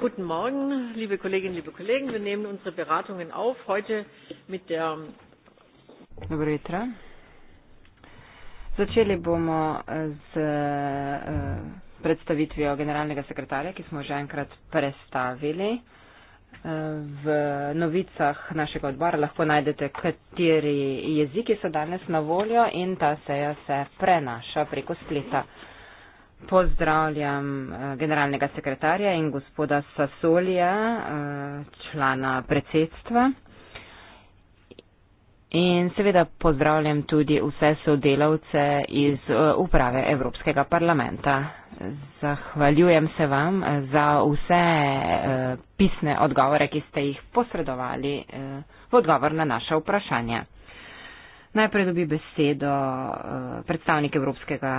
Guten Morgen, liebe Kolleginnen, liebe Kollegen. Wir nehmen unsere Beratungen auf heute mit der. Dobro jutro. Začeli bomo z eh, predstavitvijo generalnega sekretarja, ki smo že enkrat predstavili. Eh, v novicah našega odbora lahko najdete, kateri jeziki so danes na voljo in ta seja se prenaša preko spleta. Pozdravljam eh, generalnega sekretarja in gospoda Sasolija, eh, člana predsedstva. In seveda pozdravljam tudi vse sodelavce iz eh, uprave Evropskega parlamenta. Zahvaljujem se vam za vse pisne odgovore, ki ste jih posredovali v odgovor na naše vprašanje. Najprej dobi besedo eh, predstavnik Evropskega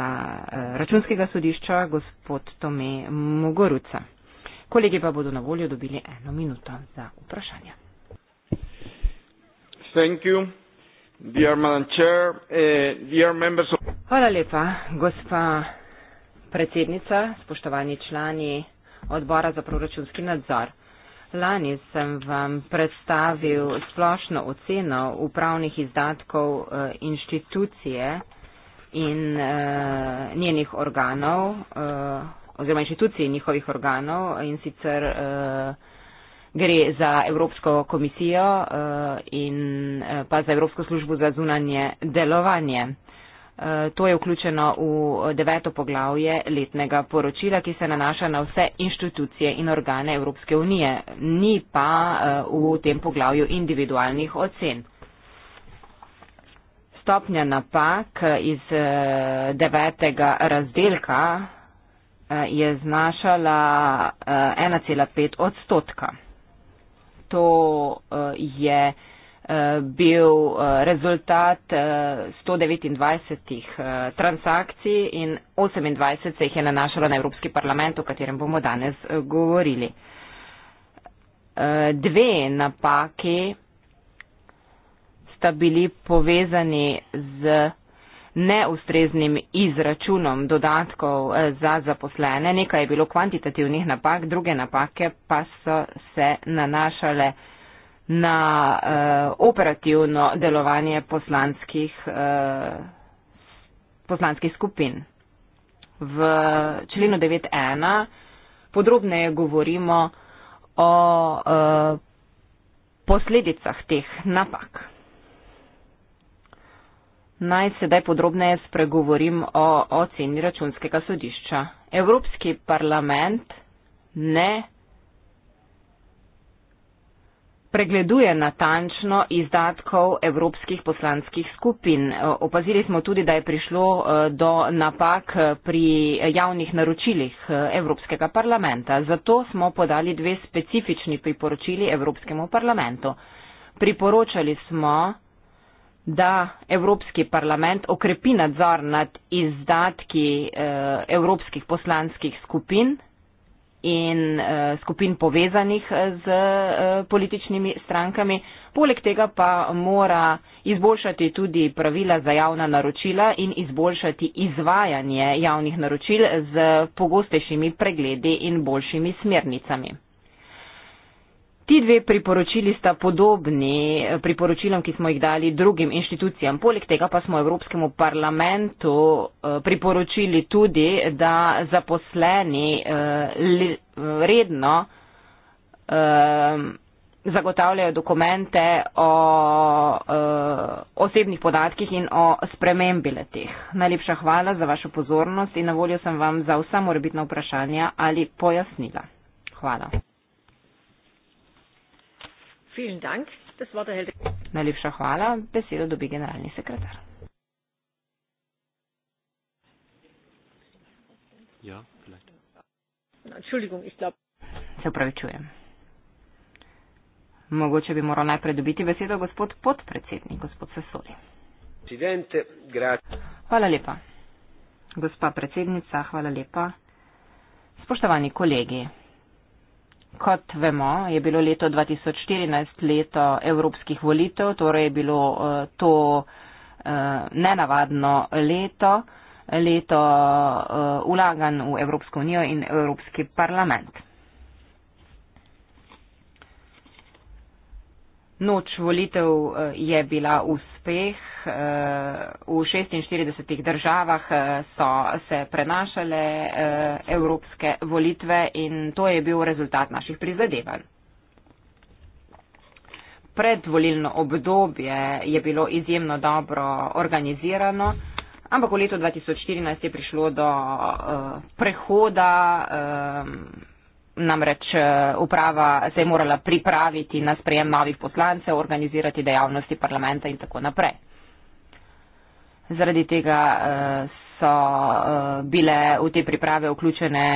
eh, računskega sodišča, gospod Tome Mogoruca. Kolegi pa bodo na voljo dobili eno minuto za vprašanje. Eh, Hvala lepa, gospa predsednica, spoštovani člani odbora za proračunski nadzor. Lani sem vam predstavil splošno oceno upravnih izdatkov eh, inštitucije in uh, njenih organov, uh, oziroma inštitucij njihovih organov in sicer uh, gre za Evropsko komisijo uh, in uh, pa za Evropsko službo za zunanje delovanje. Uh, To je vključeno v eh, deveto poglavje letnega poročila, ki se nanaša na vse inštitucije in organe Evropske unije, ni pa eh, v tem poglavju individualnih ocen. Stopnja napak iz eh, devetega razdelka je znašala 1,5 odstotka. To je Eh, bil eh, rezultat 129 eh, transakcij in 28 se jih je nanašalo na Evropski parlament, o katerem bomo danes govorili. Dve napaki sta bili povezani z neustreznim izračunom dodatkov za zaposlene. Nekaj je bilo kvantitativnih napak, druge napake pa so se nanašale na uh, operativno delovanje poslanskih, uh, poslanskih skupin. V členu 9.1 podrobneje govorimo o uh, posledicah teh napak. Naj sedaj podrobneje spregovorim o oceni računskega sodišča. Evropski parlament ne pregleduje natančno izdatkov evropskih poslanskih skupin. E, opazili smo tudi, da je prišlo e, do napak pri javnih naročilih e, Evropskega parlamenta. Zato smo podali dve specifični priporočili Evropskemu parlamentu. Priporočali smo, da Evropski parlament okrepi nadzor nad izdatki evropskih poslanskih skupin in uh, skupin povezanih eh, z uh, političnimi strankami. Poleg tega pa mora izboljšati tudi pravila za javna naročila in izboljšati izvajanje javnih naročil z pogostejšimi pregledi in boljšimi smernicami. Ti dve priporočili sta podobni eh, priporočilom, ki smo jih dali drugim inštitucijam. Poleg tega pa smo Evropskemu parlamentu eh, priporočili tudi, da zaposleni eh, redno zagotavljajo dokumente o osebnih podatkih in o spremembi letih. Najlepša hvala za vašo pozornost in na voljo sem vam za vsa morebitna vprašanja ali pojasnila. Hvala. Najlepša hvala. Besedo dobi generalni sekretar. Ja, Se upravičujem. Mogoče bi moral najprej dobiti besedo gospod podpredsednik, gospod Sesoli. Hvala lepa. Gospa predsednica, hvala lepa. Spoštovani kolegi, Kot vemo, je bilo leto 2014 leto evropskih volitev, torej je bilo eh, to eh, nenavadno leto, leto eh, vlagan v Evropsko unijo in Evropski parlament. Noč volitev eh, je bila uspeh. Eh, v 46 državah eh, so se prenašale evropske volitve in to je bil rezultat naših prizadevanj. Predvolilno obdobje je bilo izjemno dobro organizirano, ampak v letu 2014 je prišlo do prehoda namreč eh, uprava se je morala pripraviti na sprejem novih poslancev, organizirati dejavnosti parlamenta in tako naprej. Zaradi tega eh, so eh, bile v te priprave vključene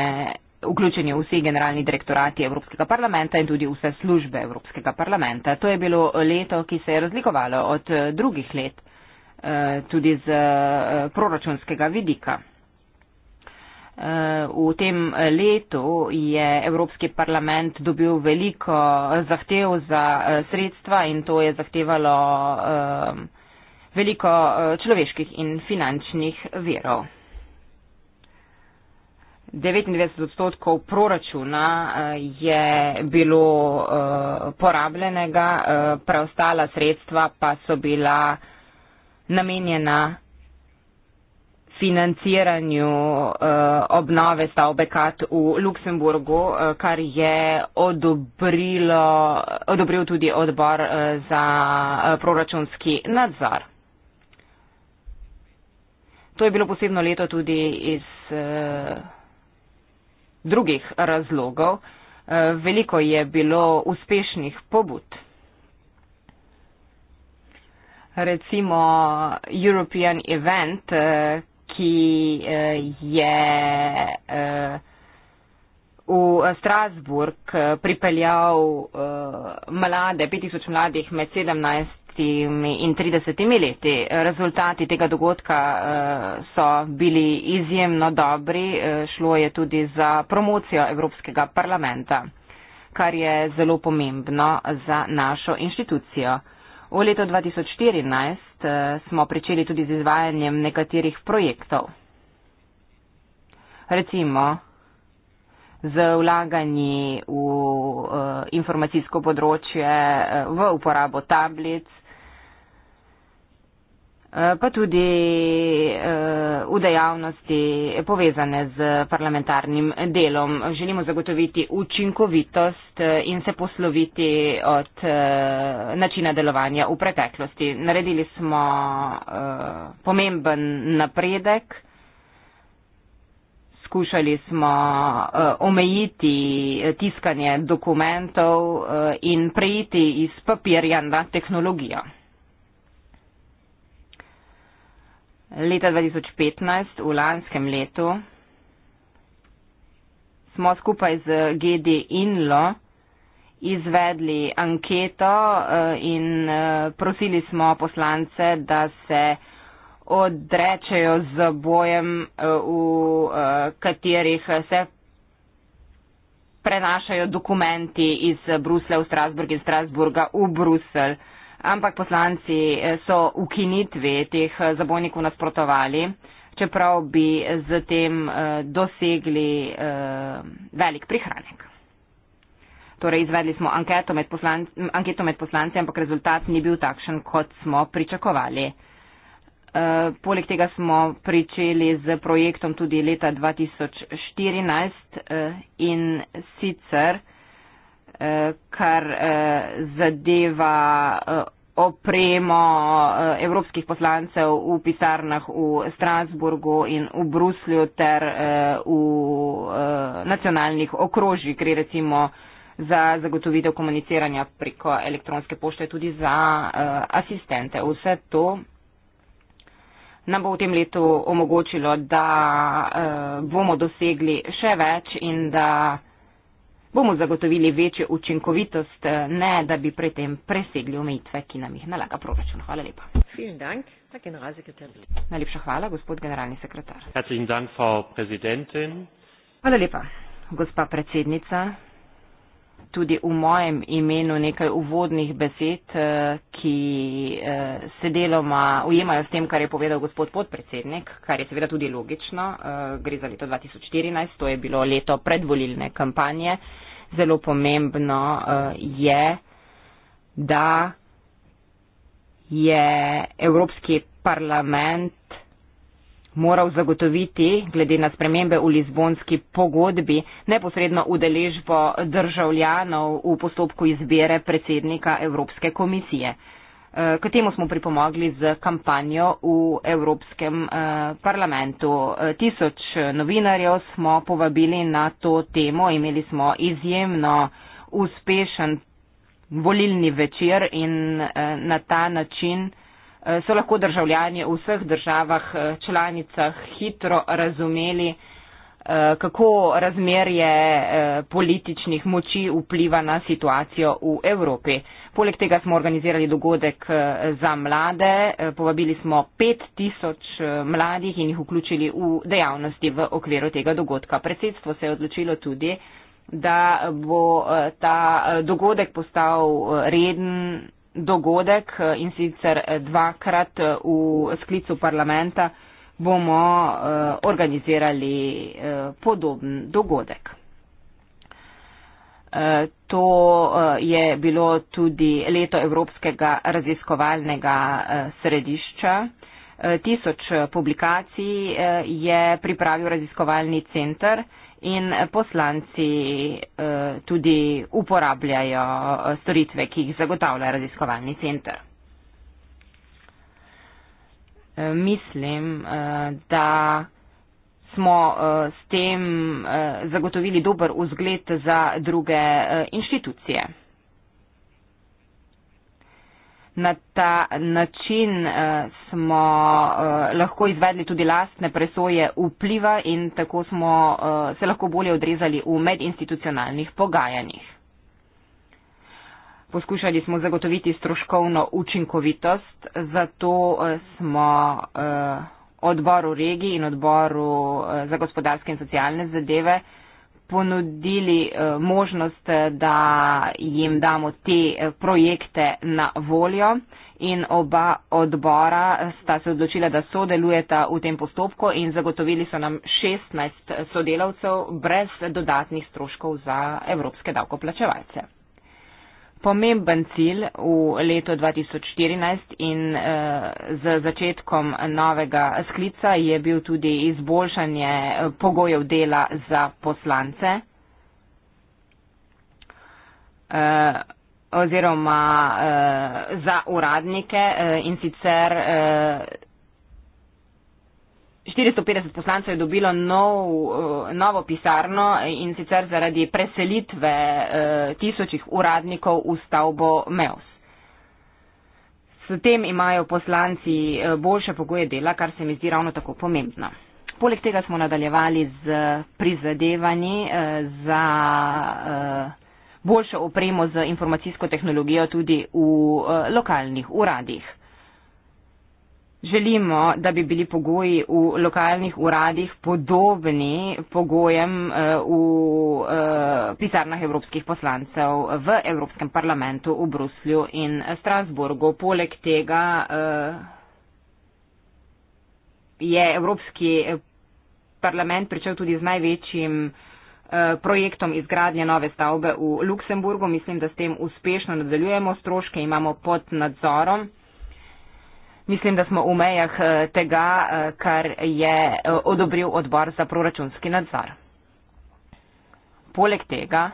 vključeni vsi generalni direktorati Evropskega parlamenta in tudi vse službe Evropskega parlamenta. To je bilo leto, ki se je razlikovalo od drugih let, tudi z proračunskega vidika. Eh, v tem letu je Evropski parlament dobil veliko eh, zahtev za eh, sredstva in to je zahtevalo veliko človeških in finančnih verov. 99 odstotkov proračuna je bilo porabljenega, preostala sredstva pa so bila namenjena financiranju uh, obnove stavbe kat v Luksemburgu, uh, kar je odobrilo, odobril tudi odbor uh, za uh, proračunski nadzor. To je bilo posebno leto tudi iz uh, drugih razlogov. Uh, veliko je bilo uspešnih pobud. Recimo European Event, uh, ki eh, je eh, v Strasburg eh, pripeljal mlade, 5000 mladih med 17 in 30 leti. Rezultati tega dogodka so bili izjemno dobri, šlo je tudi za promocijo Evropskega parlamenta, kar je zelo pomembno za našo inštitucijo. V letu 2014 Eh, smo pričeli tudi z izvajanjem nekaterih projektov. Recimo z vlaganji v eh, informacijsko področje, eh, v uporabo tablic, Eh, pa tudi eh, v dejavnosti povezane z parlamentarnim delom. Želimo zagotoviti učinkovitost eh, in se posloviti od načina delovanja v preteklosti. Naredili smo pomemben napredek. Skušali smo omejiti tiskanje dokumentov in preiti iz papirja na tehnologijo. leta 2015, v lanskem letu, smo skupaj z GD Inlo izvedli anketo eh, in eh, prosili smo poslance, da se odrečejo z bojem, eh, v katerih se prenašajo dokumenti iz Bruslja v Strasburg in Strasburga v Bruselj ampak poslanci eh, so ukinitvi teh eh, zabojnikov nasprotovali, čeprav bi z tem eh, dosegli velik prihranek. Torej, izvedli smo anketo med, poslanci, anketo med poslanci, ampak rezultat ni bil takšen, kot smo pričakovali. Poleg tega smo pričeli z projektom tudi leta 2014 in sicer kar eh, zadeva eh, opremo eh, evropskih poslancev v pisarnah v Strasburgu in v Bruslju ter v nacionalnih okrožjih, gre recimo za zagotovitev komuniciranja preko elektronske pošte, tudi za asistente. Vse to nam bo v tem letu omogočilo, da bomo dosegli še več in da bomo zagotovili večjo učinkovitost, eh, ne da bi pri tem presegli omejitve, ki nam jih nalaga proračun. Hvala lepa. Najlepša hvala, gospod generalni sekretar. Hvala lepa, gospa predsednica. Tudi v mojem imenu nekaj uvodnih besed, eh, ki eh, se deloma ujemajo s tem, kar je povedal gospod podpredsednik, kar je seveda tudi logično. Gre za leto 2014, to je bilo leto predvolilne kampanje zelo pomembno uh, je, da je Evropski parlament moral zagotoviti, glede na spremembe v Lizbonski pogodbi, neposredno udeležbo državljanov v postopku izbire predsednika Evropske komisije. Uh, Eh, k temu smo pripomogli z kampanjo v Evropskem eh, parlamentu. Eh, tisoč novinarjev smo povabili na to temo, imeli smo izjemno uspešen volilni večer in na ta način so lahko državljani v vseh državah članicah hitro razumeli, Eh, kako razmerje eh, političnih moči vpliva na situacijo v Evropi. Poleg tega smo organizirali dogodek eh, za mlade, povabili smo 5000 mladih in jih vključili v dejavnosti v okviru tega dogodka. Predsedstvo se je odločilo tudi, da bo ta dogodek postal reden dogodek in sicer dvakrat v sklicu parlamenta bomo uh, organizirali uh, podoben dogodek. Eh, to je bilo tudi leto Evropskega raziskovalnega središča. Tisoč publikacij je pripravil raziskovalni center in poslanci tudi uporabljajo storitve, ki jih zagotavlja raziskovalni center. Eh, mislim, eh, da smo eh, s tem zagotovili dober vzgled za druge inštitucije. Na ta način smo lahko izvedli tudi lastne presoje vpliva in tako smo se lahko bolje odrezali v medinstitucionalnih pogajanjih. Poskušali smo zagotoviti stroškovno učinkovitost, zato eh, smo eh, odboru regij in odboru eh, za gospodarske in socialne zadeve ponudili možnost, da jim damo te projekte na voljo in oba odbora sta se odločila, da sodelujeta v tem postopku in zagotovili so nam 16 sodelavcev brez dodatnih stroškov za evropske davkoplačevalce pomemben cilj v letu 2014 in uh, z začetkom novega sklica je bil tudi izboljšanje eh, pogojev dela za poslance uh, oziroma uh, za uradnike uh, in sicer. Uh, 450 poslancev je dobilo nov, eh, novo pisarno in sicer zaradi preselitve eh, tisočih uradnikov v stavbo MEOS. S tem imajo poslanci eh, boljše pogoje dela, kar se mi zdi ravno tako pomembno. Poleg tega smo nadaljevali z prizadevanji za boljšo opremo z informacijsko tehnologijo tudi v lokalnih uradih. Želimo, da bi bili pogoji v lokalnih uradih podobni pogojem eh, v eh, pisarnah evropskih poslancev v Evropskem parlamentu v Bruslju in Strasburgu. Poleg tega eh, je Evropski parlament pričel tudi z največjim projektom izgradnje nove stavbe v Luksemburgu. Mislim, da s tem uspešno nadaljujemo, stroške imamo pod nadzorom. Mislim, da smo v mejah eh, tega, eh, kar je eh, odobril odbor za proračunski nadzor. Poleg tega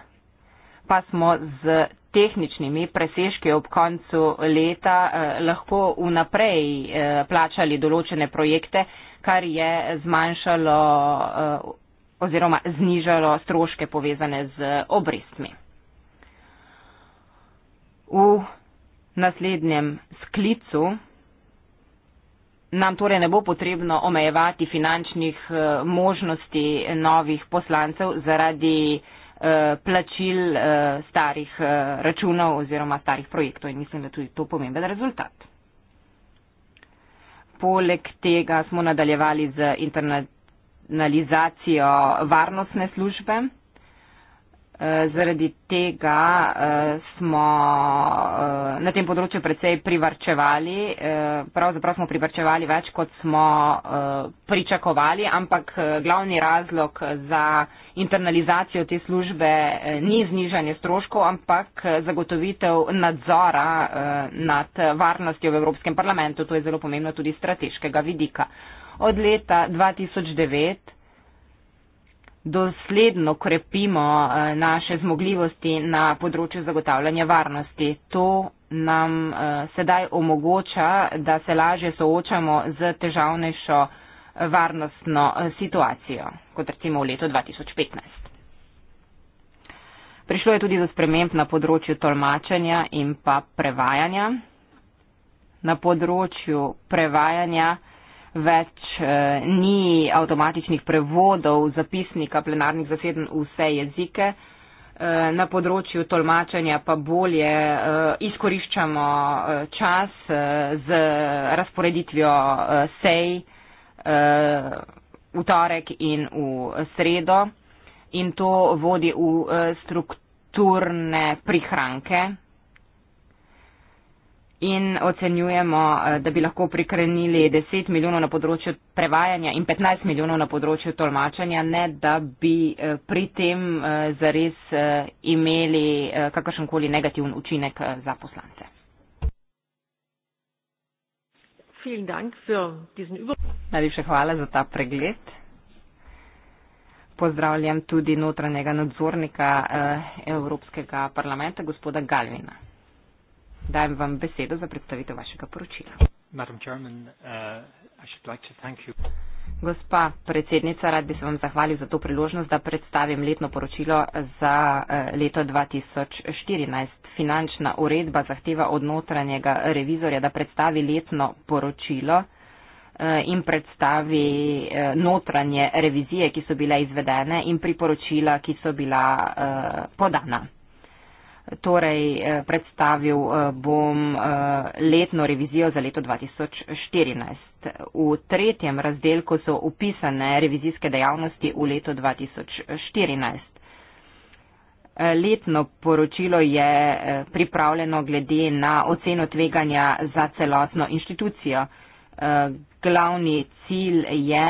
pa smo z tehničnimi presežki ob koncu leta lahko vnaprej plačali določene projekte, kar je zmanjšalo oziroma znižalo stroške povezane z obrestmi. V naslednjem sklicu Nam torej ne bo potrebno omejevati finančnih eh, možnosti novih poslancev zaradi eh, plačil eh, starih računov oziroma starih projektov in mislim, da tudi to pomemben rezultat. Poleg tega smo nadaljevali z internacionalizacijo varnostne službe. Eh, zaradi tega eh, smo eh, na tem področju precej privrčevali, pravzaprav smo privrčevali več, kot smo pričakovali, ampak glavni razlog za internalizacijo te službe ni znižanje stroškov, ampak zagotovitev nadzora nad varnostjo v Evropskem parlamentu. To je zelo pomembno tudi strateškega vidika. Od leta 2009 dosledno krepimo eh, naše zmogljivosti na področju zagotavljanja varnosti. To nam eh, sedaj omogoča, da se lažje soočamo z težavnejšo eh, varnostno situacijo, kot recimo v letu 2015. Prišlo je tudi do sprememb na področju tolmačenja in pa prevajanja. Na področju prevajanja več eh, ni avtomatičnih prevodov zapisnika plenarnih zaseden v vse jezike. Eh, na področju tolmačenja pa bolje eh, izkoriščamo čas z razporeditvijo sej v torek in v sredo in to vodi v strukturne prihranke in ocenjujemo, eh, da bi lahko prikrenili 10 milijonov na področju prevajanja in 15 milijonov na področju tolmačanja, ne da bi eh, pri tem eh, zares imeli kakršenkoli negativen učinek za poslance. Najlepša hvala za ta pregled. Pozdravljam tudi notranjega nadzornika Evropskega parlamenta, gospoda Galvina dajem vam besedo za predstavitev vašega poročila. Chairman, uh, like Gospa predsednica, rad bi se vam zahvalil za to priložnost, da predstavim letno poročilo za uh, leto 2014. Finančna uredba zahteva od notranjega revizorja, da predstavi letno poročilo uh, in predstavi uh, notranje revizije, ki so bile izvedene in priporočila, ki so bila podana torej eh, predstavil eh, bom eh, letno revizijo za leto 2014. V tretjem razdelku so upisane revizijske dejavnosti v leto 2014. Letno poročilo je pripravljeno glede na oceno tveganja za celotno inštitucijo glavni cilj je,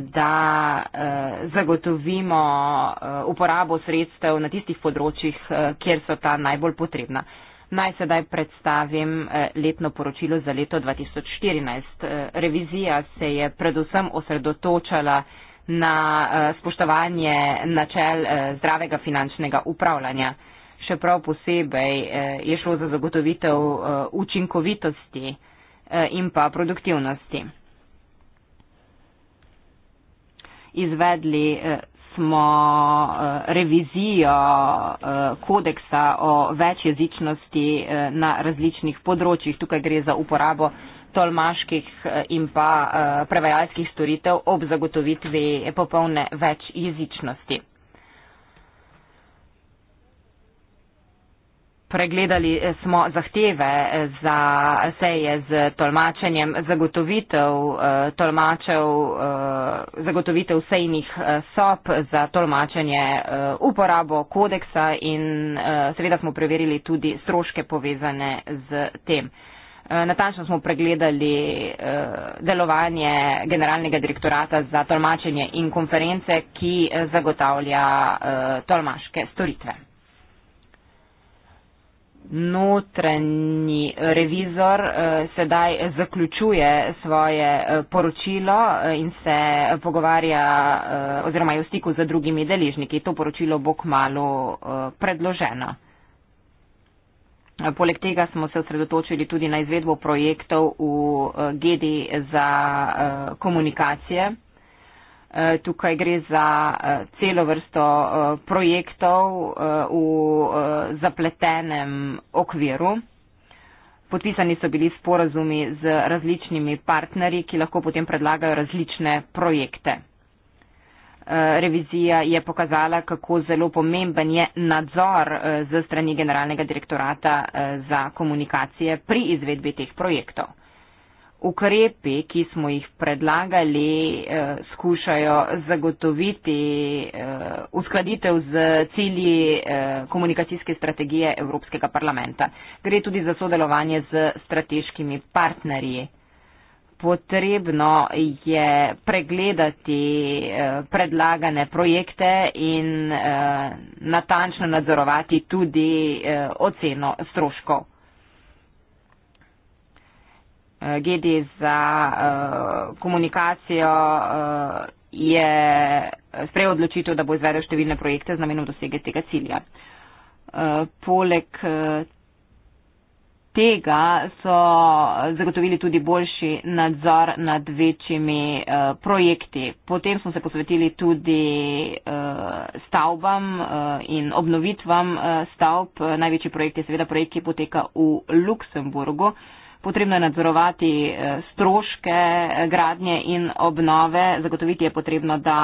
da eh, zagotovimo eh, uporabo sredstev na tistih področjih, eh, kjer so ta najbolj potrebna. Naj sedaj predstavim letno poročilo za leto 2014. Revizija se je predvsem osredotočala na spoštovanje načel zdravega finančnega upravljanja. Še prav posebej je šlo za zagotovitev učinkovitosti Eh, in pa produktivnosti. Izvedli eh, smo eh, revizijo kodeksa o večjezičnosti na različnih področjih. Tukaj gre za uporabo tolmaških in pa prevajalskih storitev ob zagotovitvi popolne večjezičnosti. pregledali eh, smo zahteve eh, za seje z tolmačenjem zagotovitev eh, tolmačev, zagotovitev sejnih sob za tolmačenje uporabo kodeksa in seveda smo preverili tudi stroške povezane z tem. Natančno smo pregledali delovanje Generalnega direktorata za tolmačenje in konference, ki zagotavlja tolmaške storitve notranji revizor eh, sedaj zaključuje svoje eh, poročilo eh, in se pogovarja oziroma je v stiku z drugimi deležniki. To poročilo bo k malu predloženo. Poleg tega smo se osredotočili tudi na izvedbo projektov v GEDI za komunikacije. Eh, tukaj gre za eh, celo vrsto eh, projektov v zapletenem okviru. Podpisani so bili sporazumi z različnimi partnerji, ki lahko potem predlagajo različne projekte. Revizija je pokazala, kako zelo pomemben je nadzor z strani Generalnega direktorata za komunikacije pri izvedbi teh projektov ukrepi, ki smo jih predlagali, eh, skušajo zagotoviti eh, uskladitev z cilji eh, komunikacijske strategije Evropskega parlamenta. Gre tudi za sodelovanje z strateškimi partnerji. Potrebno je pregledati predlagane projekte in natančno nadzorovati tudi oceno stroškov. Eh, Gedi za uh, komunikacijo uh, je sprejel odločitev, da bo izvedel številne projekte z namenom dosege tega cilja. Uh, poleg tega so zagotovili tudi boljši nadzor nad večjimi uh, projekti. Potem smo se posvetili tudi uh, stavbam uh, in obnovitvam uh, stavb. Največji projekt je seveda projekt, ki poteka v Luksemburgu. Uh, potrebno je nadzorovati eh, stroške eh, gradnje in obnove. Zagotoviti je potrebno, da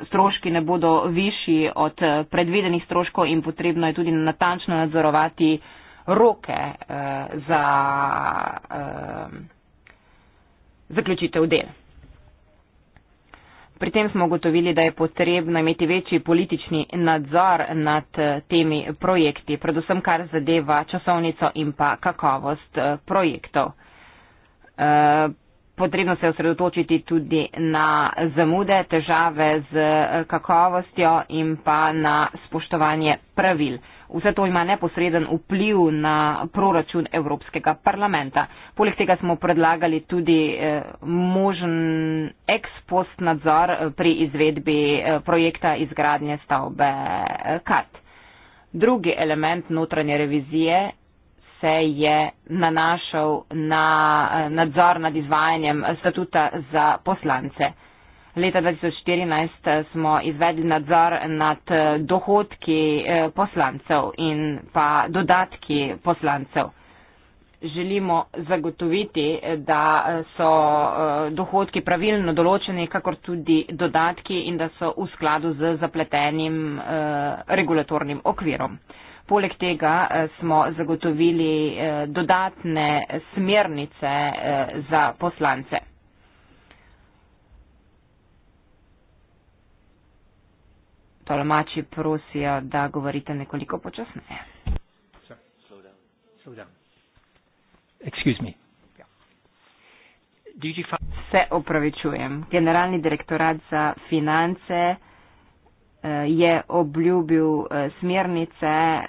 eh, stroški ne bodo višji od predvidenih stroškov in potrebno je tudi natančno nadzorovati roke za zaključitev dela. Pri tem smo ugotovili, da je potrebno imeti večji politični nadzor nad eh, temi projekti, predvsem kar zadeva časovnico in pa kakovost eh, projektov. Eh, potrebno se je osredotočiti tudi na zamude, težave z kakovostjo in pa na spoštovanje pravil. Vse to ima neposreden vpliv na proračun Evropskega parlamenta. Poleg tega smo predlagali tudi eh, možen ex post nadzor eh, pri izvedbi eh, projekta izgradnje stavbe KAT. Drugi element notranje revizije se je nanašal na nadzor nad izvajanjem statuta za poslance. Leta 2014 eh, smo izvedli nadzor nad eh, dohodki eh, poslancev in pa dodatki poslancev. Želimo zagotoviti, da so dohodki pravilno določeni, kakor tudi dodatki in da so v skladu z zapletenim regulatornim okvirom. Poleg tega smo zagotovili dodatne smernice za poslance. tolmači prosijo, da govorite nekoliko počasneje. Se opravičujem. Generalni direktorat za finance eh, je obljubil eh, smernice eh,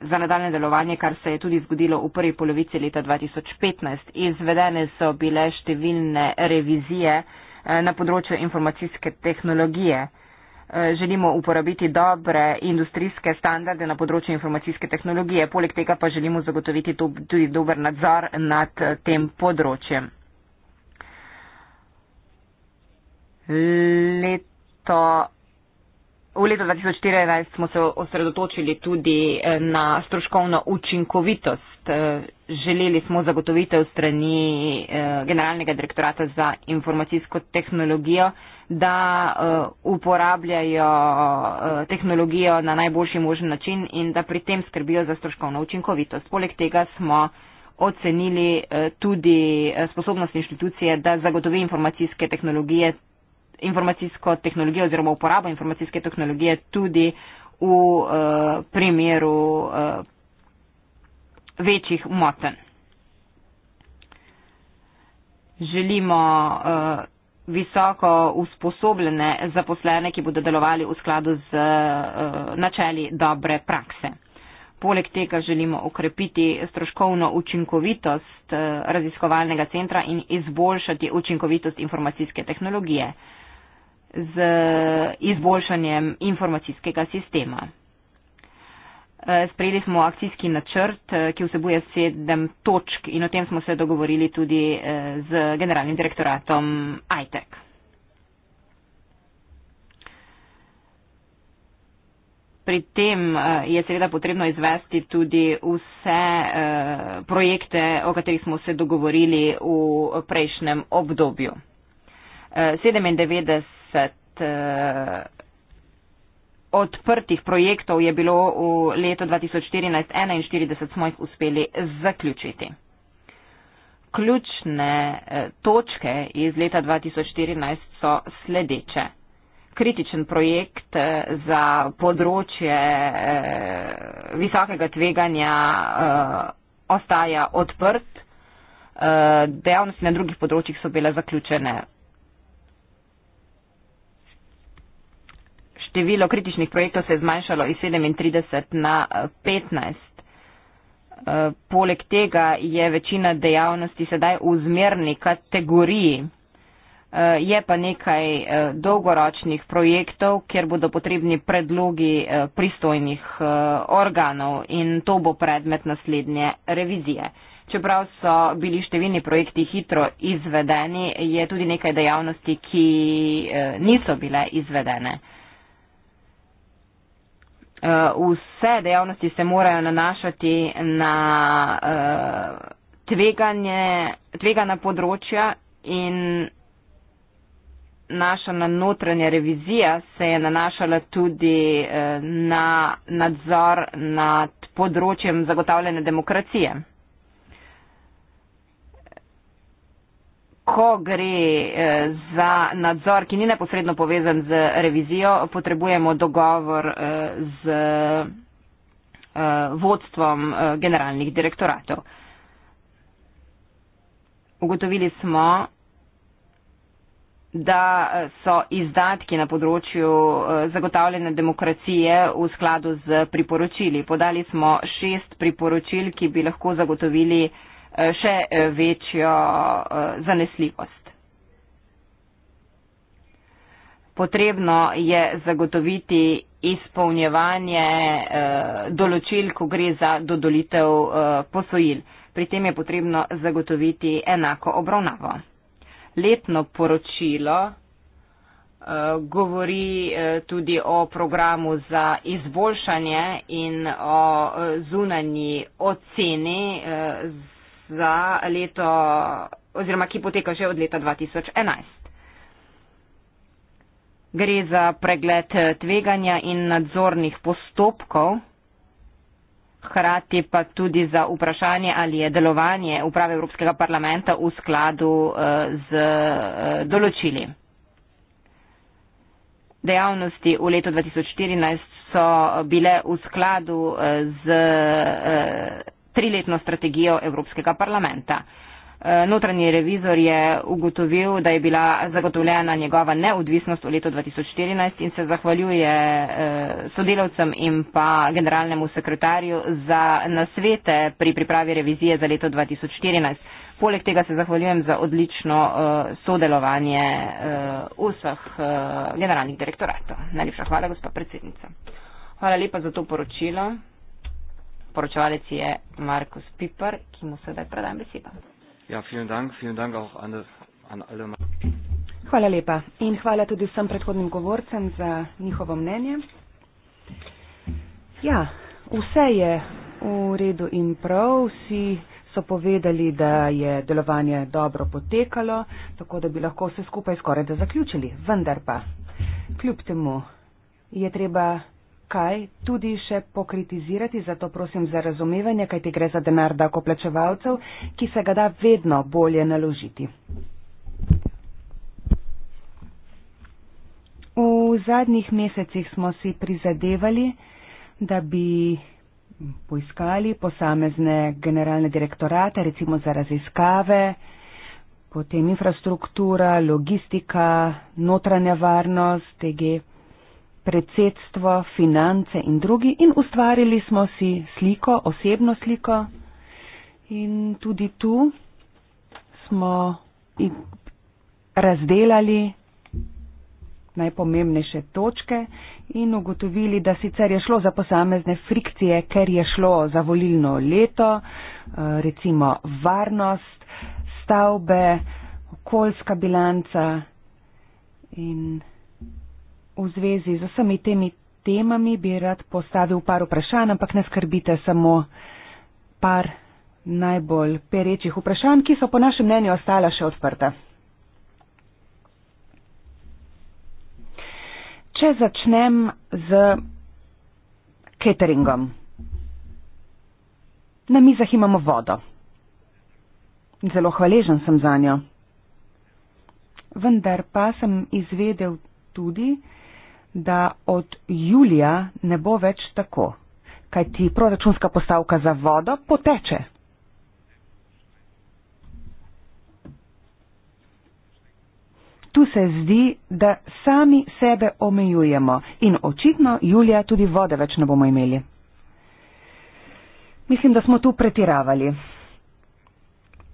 za nadaljne delovanje, kar se je tudi zgodilo v prvi polovici leta 2015. Izvedene so bile številne revizije na področju informacijske tehnologije. Eh, želimo uporabiti dobre industrijske standarde na področju informacijske tehnologije, poleg tega pa želimo zagotoviti tudi dober nadzor nad eh, tem področjem. Leto, v letu 2014 smo se osredotočili tudi eh, na stroškovno učinkovitost podcast. Eh, želeli smo zagotovitev strani eh, Generalnega direktorata za informacijsko tehnologijo, da eh, uporabljajo tehnologijo na najboljši možen način in da pri tem skrbijo za stroškovno učinkovitost. Poleg tega smo ocenili tudi sposobnost inštitucije, da zagotovi informacijske tehnologije, informacijsko tehnologijo oziroma uporabo informacijske tehnologije tudi v uh, primeru uh, večjih moten. Želimo uh, visoko usposobljene zaposlene, ki bodo delovali v skladu z uh, načeli dobre prakse. Poleg tega želimo okrepiti stroškovno učinkovitost uh, raziskovalnega centra in izboljšati učinkovitost informacijske tehnologije z izboljšanjem informacijskega sistema. Eh, sprejeli smo akcijski načrt, eh, ki vsebuje sedem točk in o tem smo se dogovorili tudi eh, z generalnim direktoratom ITEC. Pri tem je seveda potrebno izvesti tudi vse projekte, o katerih smo se dogovorili v prejšnjem obdobju. 97 odprtih projektov je bilo v letu 2014 41, smo jih uspeli zaključiti. Ključne eh, točke iz leta 2014 so sledeče. Kritičen projekt eh, za področje eh, visokega tveganja ostaja odprt. Dejavnosti na drugih področjih so bile zaključene število kritičnih projektov se je zmanjšalo iz 37 na 15. Eh, eh, poleg tega je večina dejavnosti sedaj v zmerni kategoriji. Eh, je pa nekaj dolgoročnih projektov, kjer bodo potrebni predlogi pristojnih organov in to bo predmet naslednje revizije. Čeprav so bili številni projekti hitro izvedeni, je tudi nekaj dejavnosti, ki niso bile izvedene. Eh, vse dejavnosti se morajo nanašati na eh, tveganje, tvegana področja in naša notranja revizija se je nanašala tudi eh, na nadzor nad področjem zagotavljanja demokracije. ko gre eh, za nadzor, ki ni neposredno povezan z revizijo, potrebujemo dogovor eh, z eh, vodstvom generalnih direktoratov. Ugotovili smo, da so izdatki na področju zagotavljanja demokracije v skladu z priporočili. Podali smo šest priporočil, ki bi lahko zagotovili uh, Eh, še eh, večjo eh, zanesljivost. Potrebno je zagotoviti izpolnjevanje določil, ko gre za dodolitev posojil. Pri tem je potrebno zagotoviti enako obravnavo. Letno poročilo govori tudi o programu za izboljšanje in o zunanji oceni z za leto oziroma ki poteka že od leta 2011. Gre za pregled tveganja in nadzornih postopkov, hkrati pa tudi za vprašanje, ali je delovanje uprave Evropskega parlamenta v skladu eh, z eh, določili. Dejavnosti v letu 2014 so bile v skladu eh, z triletno strategijo Evropskega parlamenta. E, notranji revizor je ugotovil, da je bila zagotovljena njegova neodvisnost v letu 2014 in se zahvaljuje e, sodelavcem in pa generalnemu sekretarju za nasvete pri pripravi revizije za leto 2014. Poleg tega se zahvaljujem za odlično e, sodelovanje vseh generalnih direktoratov. Najlepša hvala, gospod predsednica. Hvala lepa za to poročilo poročevalec je Markus Piper, ki mu sedaj predajam besedo. Ja, vielen dank, vielen dank auch an, an alle. Hvala lepa in hvala tudi vsem predhodnim govorcem za njihovo mnenje. Ja, vse je v redu in prav, vsi so povedali, da je delovanje dobro potekalo, tako da bi lahko vse skupaj skoraj da zaključili. Vendar pa, kljub temu, je treba kaj tudi še pokritizirati, zato prosim za razumevanje, kaj ti gre za denar dakoplačevalcev, ki se ga da vedno bolje naložiti. V zadnjih mesecih smo si prizadevali, da bi poiskali posamezne generalne direktorate, recimo za raziskave, potem infrastruktura, logistika, notranja varnost, TG predsedstvo, finance in drugi in ustvarili smo si sliko, osebno sliko in tudi tu smo razdelali najpomembnejše točke in ugotovili, da sicer je šlo za posamezne frikcije, ker je šlo za volilno leto, eh, recimo varnost, stavbe, okoljska bilanca in v zvezi z vsemi temi temami bi rad postavil par vprašanj, ampak ne skrbite samo par najbolj perečih vprašanj, ki so po našem mnenju ostala še odprta. Če začnem z cateringom. Na mizah imamo vodo. Zelo hvaležen sem za njo. Vendar pa sem izvedel tudi, da od julija ne bo več tako, kaj ti proračunska postavka za vodo poteče. Tu se zdi, da sami sebe omejujemo in očitno julija tudi vode več ne bomo imeli. Mislim, da smo tu pretiravali.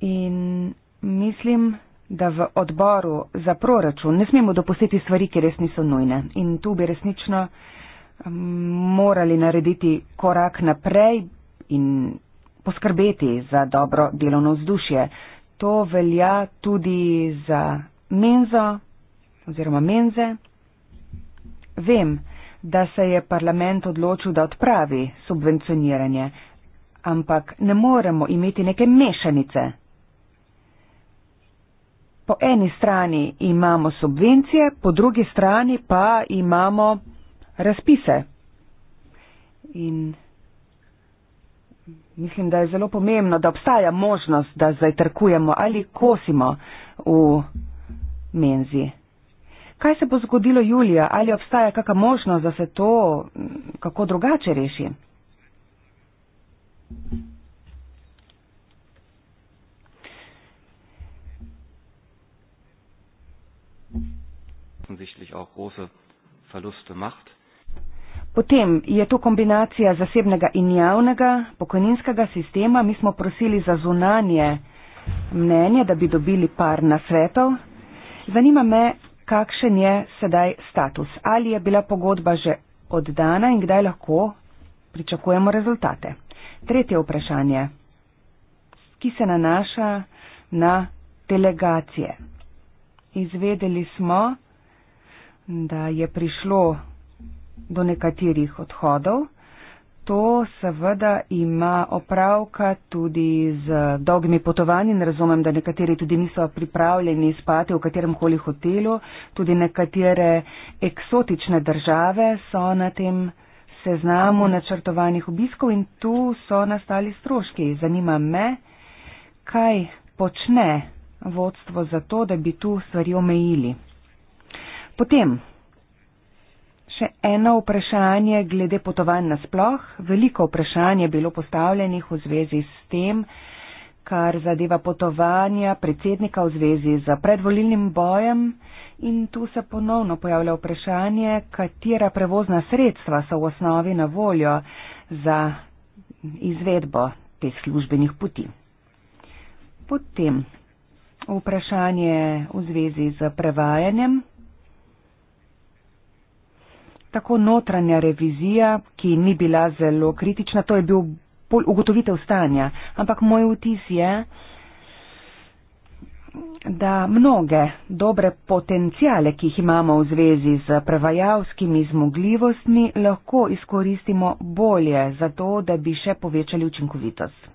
In mislim, da da v odboru za proračun ne smemo dopustiti stvari, ki res niso nujne. In tu bi resnično morali narediti korak naprej in poskrbeti za dobro delovno vzdušje. To velja tudi za menzo oziroma menze. Vem, da se je parlament odločil, da odpravi subvencioniranje, ampak ne moremo imeti neke mešanice po eni strani imamo subvencije, po drugi strani pa imamo razpise. In mislim, da je zelo pomembno, da obstaja možnost, da zajtrkujemo ali kosimo v menzi. Kaj se bo zgodilo julija? Ali obstaja kakšna možnost, da se to kako drugače reši? Mm-hmm. offensichtlich auch große Verluste macht. Potem je to kombinacija zasebnega in javnega pokojninskega sistema. Mi smo prosili za zunanje mnenje, da bi dobili par nasvetov. Zanima me, kakšen je sedaj status. Ali je bila pogodba že oddana in kdaj lahko pričakujemo rezultate? Tretje vprašanje, ki se nanaša na delegacije. Izvedeli smo, da je prišlo do nekaterih odhodov. To seveda ima opravka tudi z dolgimi potovanji in razumem, da nekateri tudi niso pripravljeni spati v katerem koli hotelu. Tudi nekatere eksotične države so na tem seznamu načrtovanih obiskov in tu so nastali stroški. Zanima me, kaj počne vodstvo za to, da bi tu stvari omejili. Potem, še eno vprašanje glede potovanj nasploh. Veliko vprašanj je bilo postavljenih v zvezi s tem, kar zadeva potovanja predsednika v zvezi z predvolilnim bojem. In tu se ponovno pojavlja vprašanje, katera prevozna sredstva so v osnovi na voljo za izvedbo teh službenih poti. Potem vprašanje v zvezi z prevajanjem tako notranja revizija, ki ni bila zelo kritična, to je bil pol ugotovitev stanja. Ampak moj vtis je, da mnoge dobre potencijale, ki jih imamo v zvezi z prevajalskimi zmogljivostmi, lahko izkoristimo bolje za to, da bi še povečali učinkovitost.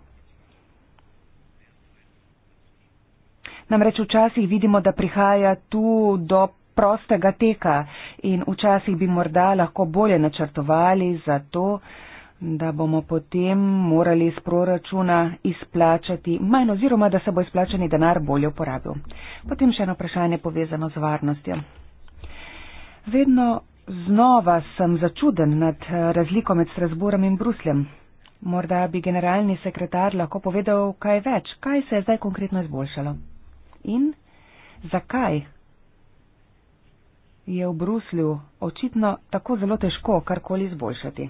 Namreč včasih vidimo, da prihaja tu do prostega teka, in včasih bi morda lahko bolje načrtovali za to, da bomo potem morali iz proračuna izplačati manj oziroma da se bo izplačani denar bolje uporabil. Potem še eno vprašanje povezano z varnostjo. Vedno znova sem začuden nad eh, razliko med Strasburom in Brusljem. Morda bi generalni sekretar lahko povedal kaj več, kaj se je zdaj konkretno izboljšalo in zakaj je v Bruslju očitno tako zelo težko karkoli izboljšati.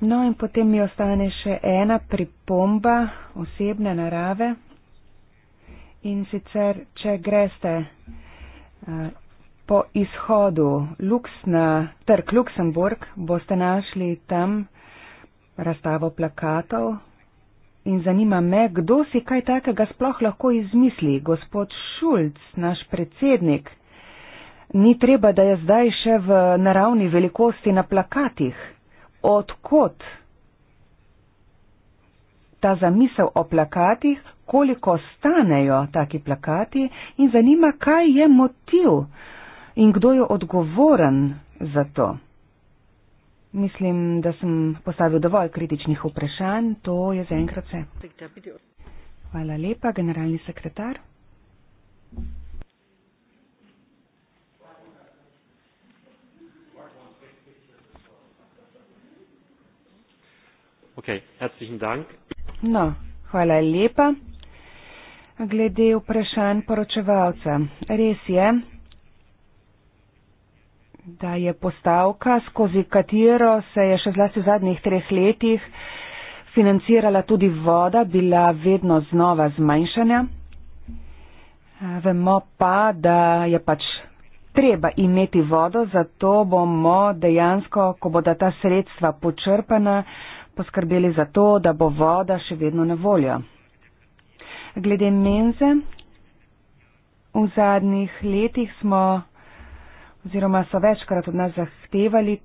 No in potem mi ostane še ena pripomba osebne narave in sicer, če greste eh, po izhodu Luks na trg Luksemburg, boste našli tam razstavo plakatov, in zanima me, kdo si kaj takega sploh lahko izmisli, gospod Šulc, naš predsednik. Ni treba, da je zdaj še v naravni velikosti na plakatih. Odkot? Ta zamisel o plakatih, koliko stanejo taki plakati in zanima, kaj je motiv in kdo je odgovoren za to. Mislim, da sem postavil dovolj kritičnih vprašanj. To je zaenkrat vse. Hvala lepa, generalni sekretar. Okay, no, hvala lepa. Glede vprašanj poročevalca. Res je, da je postavka, skozi katero se je še zlasti v zadnjih treh letih financirala tudi voda, bila vedno znova zmanjšana. Vemo pa, da je pač treba imeti vodo, zato bomo dejansko, ko bodo ta sredstva počrpana, poskrbeli za to, da bo voda še vedno na voljo. Glede menze, v zadnjih letih smo oziroma so večkrat od nas zahtevali,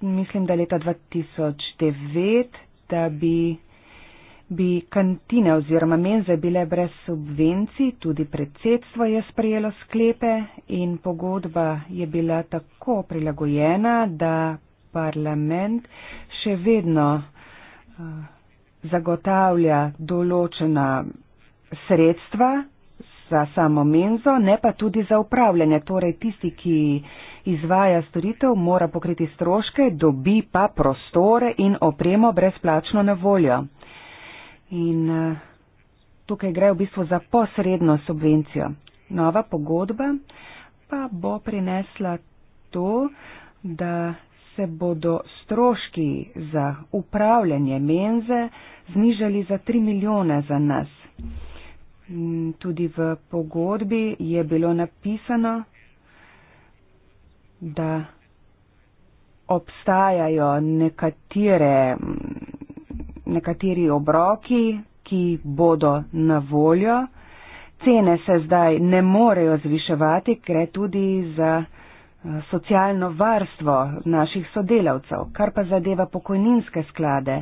mislim, da leta 2009, da bi, bi kantine oziroma menze bile brez subvencij, tudi predsedstvo je sprejelo sklepe in pogodba je bila tako prilagojena, da parlament še vedno uh, zagotavlja določena sredstva za samo menzo, ne pa tudi za upravljanje. Torej, tisti, ki izvaja storitev, mora pokriti stroške, dobi pa prostore in opremo brezplačno na voljo. In eh, tukaj gre v bistvu za posredno subvencijo. Nova pogodba pa bo prinesla to, da se bodo stroški za upravljanje menze znižali za 3 milijone za nas. Mm, tudi v pogodbi je bilo napisano, da obstajajo nekatere, mm, nekateri obroki, ki bodo na voljo. Cene se zdaj ne morejo zviševati, gre tudi za eh, socialno varstvo naših sodelavcev, kar pa zadeva pokojninske sklade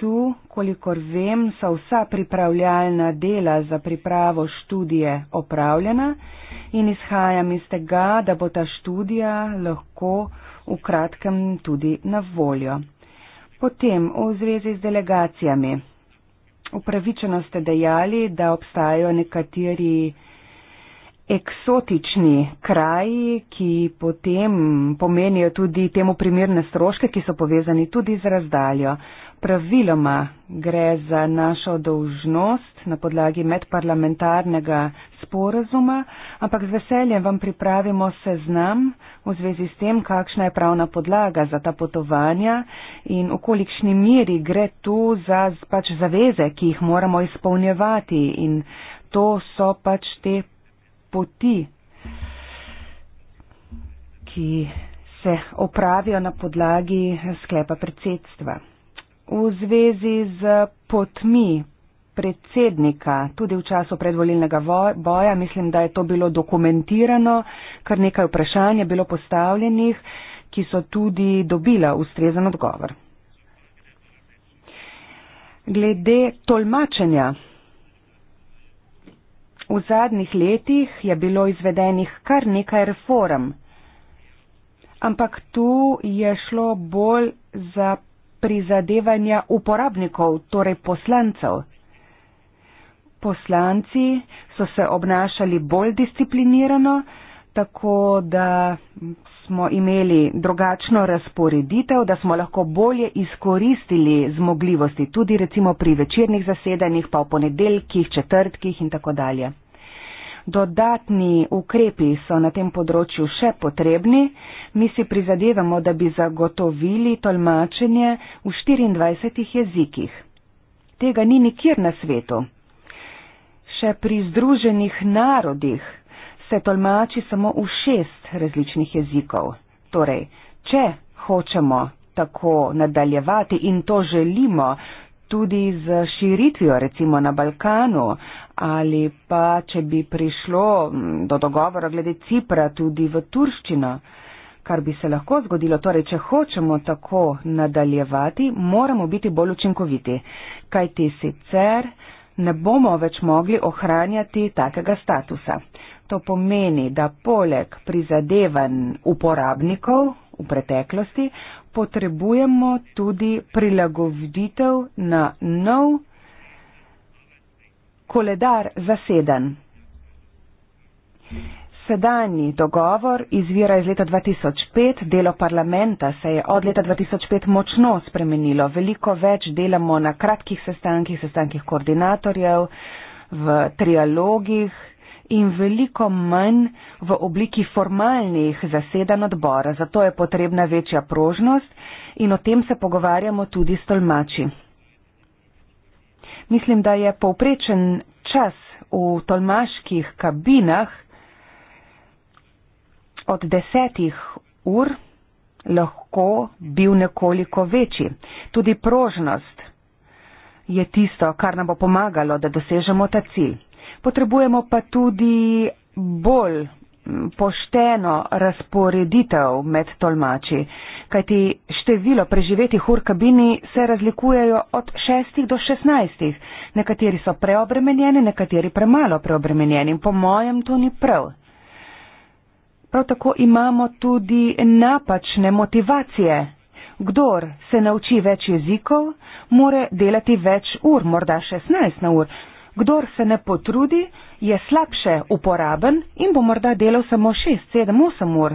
tu, kolikor vem, so vsa pripravljalna dela za pripravo študije opravljena in izhajam iz tega, da bo ta študija lahko v kratkem tudi na voljo. Potem v zvezi z delegacijami. Upravičeno ste dejali, da obstajajo nekateri eksotični kraji, ki potem pomenijo tudi temu primerne stroške, ki so povezani tudi z razdaljo praviloma gre za našo dolžnost na podlagi medparlamentarnega sporazuma, ampak z veseljem vam pripravimo seznam v zvezi s tem, kakšna je pravna podlaga za ta potovanja in v kolikšni miri gre tu za pač zaveze, ki jih moramo izpolnjevati in to so pač te poti, ki se opravijo na podlagi sklepa predsedstva v zvezi z potmi predsednika, tudi v času predvolilnega boja. Mislim, da je to bilo dokumentirano, kar nekaj vprašanj je bilo postavljenih, ki so tudi dobila ustrezen odgovor. Glede tolmačenja. V zadnjih letih je bilo izvedenih kar nekaj reform, ampak tu je šlo bolj za prizadevanja uporabnikov, torej poslancev. Poslanci so se obnašali bolj disciplinirano, tako da smo imeli drugačno razporeditev, da smo lahko bolje izkoristili zmogljivosti, tudi recimo pri večernih zasedanjih, pa v ponedeljkih, četrtkih in tako dalje. Dodatni ukrepi so na tem področju še potrebni. Mi si prizadevamo, da bi zagotovili tolmačenje v 24 jezikih. Tega ni nikjer na svetu. Še pri združenih narodih se tolmači samo v šest različnih jezikov. Torej, če hočemo tako nadaljevati in to želimo, tudi z širitvijo recimo na Balkanu ali pa če bi prišlo do dogovora glede Cipra tudi v turščino, kar bi se lahko zgodilo. Torej, če hočemo tako nadaljevati, moramo biti bolj učinkoviti, kajti sicer ne bomo več mogli ohranjati takega statusa. To pomeni, da poleg prizadevanj uporabnikov v preteklosti potrebujemo tudi prilagoditev na nov koledar zaseden. Sedanji dogovor izvira iz leta 2005. Delo parlamenta se je od leta 2005 močno spremenilo. Veliko več delamo na kratkih sestankih, sestankih koordinatorjev, v trialogih in veliko manj v obliki formalnih zasedan odbora. Zato je potrebna večja prožnost in o tem se pogovarjamo tudi s tolmači. Mislim, da je povprečen čas v tolmaških kabinah od desetih ur lahko bil nekoliko večji. Tudi prožnost je tisto, kar nam bo pomagalo, da dosežemo ta cilj. Potrebujemo pa tudi bolj pošteno razporeditev med tolmači, kajti število preživetih ur kabini se razlikujejo od 6 do 16. Nekateri so preobremenjeni, nekateri premalo preobremenjeni. Po mojem to ni prav. Prav tako imamo tudi napačne motivacije. Kdor se nauči več jezikov, more delati več ur, morda 16 na uro. Kdor se ne potrudi, je slabše uporaben in bo morda delal samo 6, 7, 8 ur.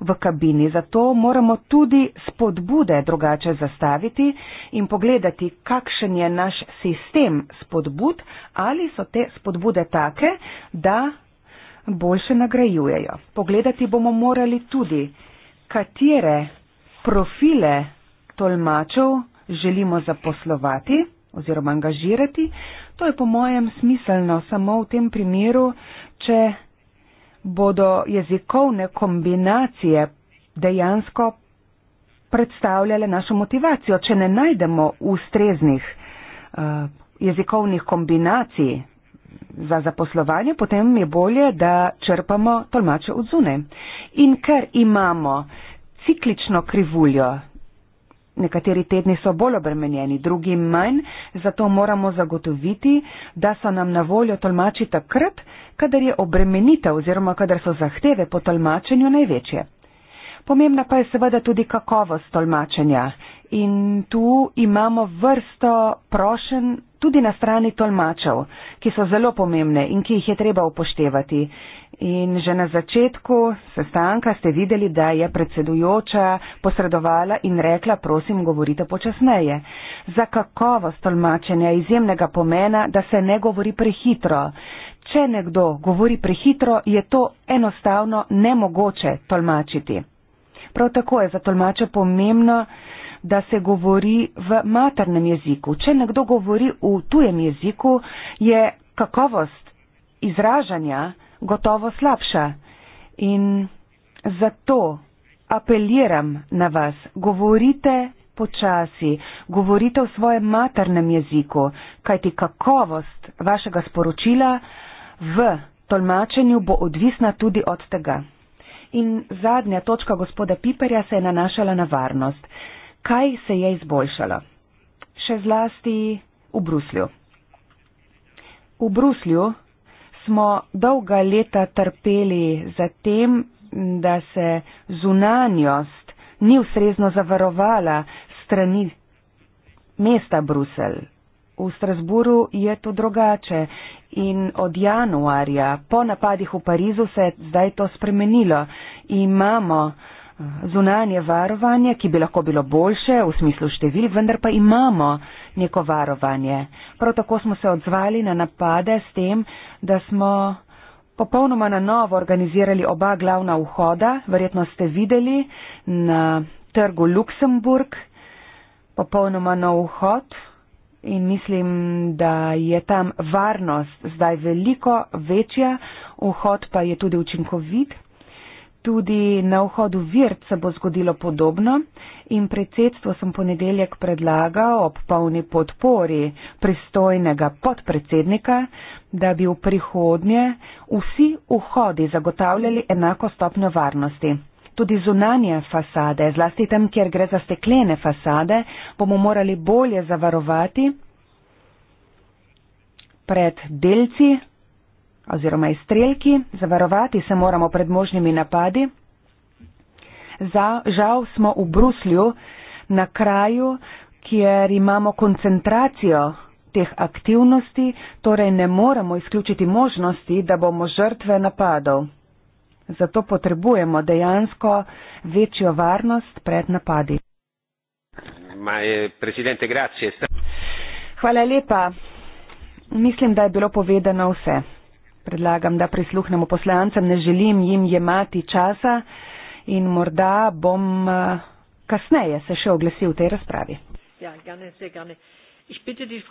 V kabini zato moramo tudi spodbude drugače zastaviti in pogledati, kakšen je naš sistem spodbud, ali so te spodbude take, da boljše nagrajujejo. Pogledati bomo morali tudi, katere profile tolmačev želimo zaposlovati oziroma angažirati, To je po mojem smiselno samo v tem primeru, če bodo jezikovne kombinacije dejansko predstavljale našo motivacijo. Če ne najdemo ustreznih uh, jezikovnih kombinacij za zaposlovanje, potem je bolje, da črpamo tolmače od zune. In ker imamo ciklično krivuljo, Nekateri tedni so bolj obremenjeni, drugi manj, zato moramo zagotoviti, da so nam na voljo tolmači takrat, kadar je obremenitev oziroma kadar so zahteve po tolmačenju največje. Pomembna pa je seveda tudi kakovost tolmačenja in tu imamo vrsto prošen tudi na strani tolmačev, ki so zelo pomembne in ki jih je treba upoštevati. In že na začetku sestanka ste videli, da je predsedujoča posredovala in rekla, prosim, govorite počasneje. Za kakovost tolmačenja je izjemnega pomena, da se ne govori prehitro. Če nekdo govori prehitro, je to enostavno nemogoče tolmačiti. Prav tako je za tolmače pomembno, da se govori v maternem jeziku. Če nekdo govori v tujem jeziku, je kakovost izražanja gotovo slabša. In zato apeliram na vas, govorite počasi, govorite v svojem maternem jeziku, kajti kakovost vašega sporočila v tolmačenju bo odvisna tudi od tega. In zadnja točka gospoda Piperja se je nanašala na varnost kaj se je izboljšalo. Še zlasti v Bruslju. V Bruslju smo dolga leta trpeli za tem, da se zunanjost ni ustrezno zavarovala strani mesta Brusel. V Strasburu je to drugače in od januarja po napadih v Parizu se je zdaj to spremenilo. Imamo zunanje varovanje, ki bi lahko bilo boljše v smislu števil, vendar pa imamo neko varovanje. Prav tako smo se odzvali na napade s tem, da smo popolnoma na novo organizirali oba glavna vhoda. Verjetno ste videli na trgu Luksemburg popolnoma nov vhod in mislim, da je tam varnost zdaj veliko večja, vhod pa je tudi učinkovit. Tudi na vhodu virt se bo zgodilo podobno in predsedstvo sem ponedeljek predlagal ob polni podpori pristojnega podpredsednika, da bi v prihodnje vsi vhodi zagotavljali enako stopnjo varnosti. Tudi zunanje fasade, zlasti tam, kjer gre za steklene fasade, bomo morali bolje zavarovati pred delci oziroma izstrelki, zavarovati se moramo pred možnimi napadi. Za, žal smo v Bruslju, na kraju, kjer imamo koncentracijo teh aktivnosti, torej ne moremo izključiti možnosti, da bomo žrtve napadov. Zato potrebujemo dejansko večjo varnost pred napadi. Eh, Hvala lepa. Mislim, da je bilo povedano vse predlagam, da prisluhnemo poslancem, ne želim jim jemati časa in morda bom eh, kasneje se še oglasil v tej razpravi. Ja, gerne, gerne. Bitte die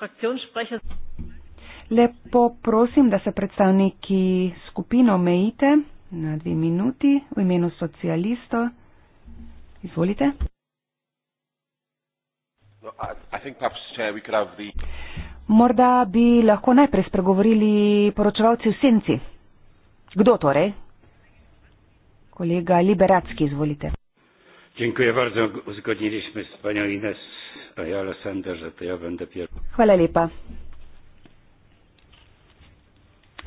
Lepo prosim, da se predstavniki skupino omejite na dve minuti v imenu socialisto. Izvolite. No, I, I Morda bi lahko najprej spregovorili poročevalci v senci. Kdo torej? Kolega Liberacki, izvolite. Ja Hvala lepa.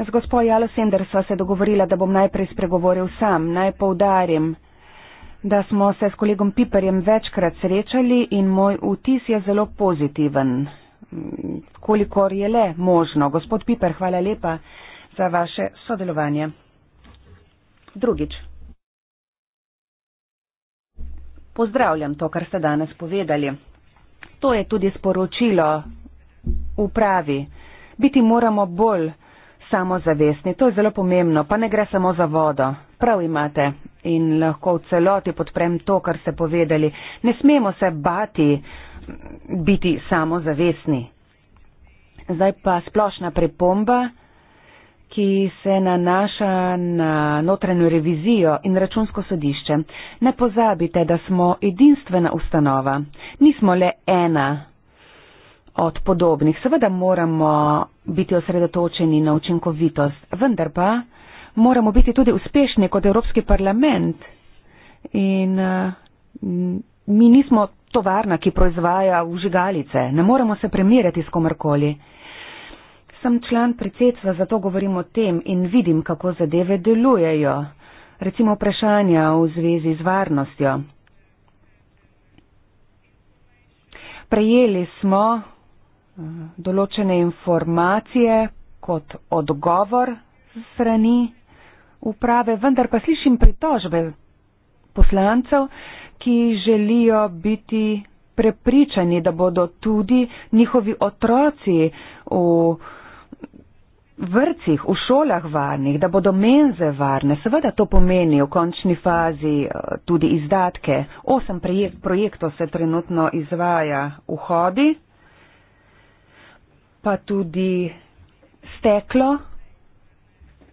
Z gospod Jalo Sender sva se dogovorila, da bom najprej spregovoril sam. Naj poudarim, da smo se s kolegom Piperjem večkrat srečali in moj vtis je zelo pozitiven kolikor je le možno. Gospod Piper, hvala lepa za vaše sodelovanje. Drugič. Pozdravljam to, kar ste danes povedali. To je tudi sporočilo upravi. Biti moramo bolj samozavestni. To je zelo pomembno. Pa ne gre samo za vodo. Prav imate in lahko v celoti podprem to, kar ste povedali. Ne smemo se bati biti samozavestni. Zdaj pa splošna prepomba, ki se nanaša na notranjo revizijo in računsko sodišče. Ne pozabite, da smo edinstvena ustanova. Nismo le ena od podobnih. Seveda moramo biti osredotočeni na učinkovitost, vendar pa moramo biti tudi uspešni kot Evropski parlament. In uh, mi nismo tovarna, ki proizvaja vžigalice, ne moremo se premirjati s komarkoli. Sem član predsedstva, zato govorim o tem in vidim, kako zadeve delujejo, recimo vprašanja v zvezi z varnostjo. Prejeli smo eh, določene informacije kot odgovor strani uprave, vendar pa slišim pritožbe poslancev, ki želijo biti prepričani, da bodo tudi njihovi otroci v vrcih, v šolah varnih, da bodo menze varne. Seveda to pomeni v končni fazi eh, tudi izdatke. Osem projektov se trenutno izvaja v hodi, pa tudi steklo,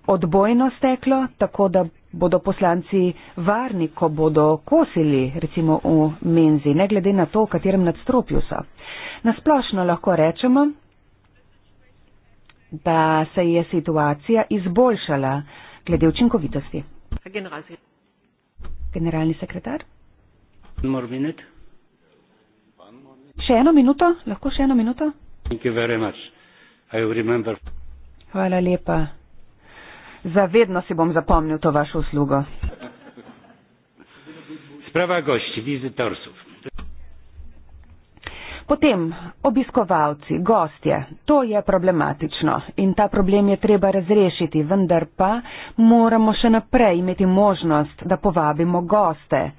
odbojno steklo, tako da bodo poslanci varni, ko bodo kosili, recimo v menzi, ne glede na to, v katerem nadstropju so. Nasplošno lahko rečemo, da se je situacija izboljšala glede učinkovitosti. Generalni sekretar. Še eno minuto? Lahko še eno minuto? Hvala lepa. Zavedno si bom zapomnil to vašo uslugo. Sprava gosti, vizitorsov. Potem obiskovalci, gostje, to je problematično in ta problem je treba razrešiti, vendar pa moramo še naprej imeti možnost, da povabimo goste.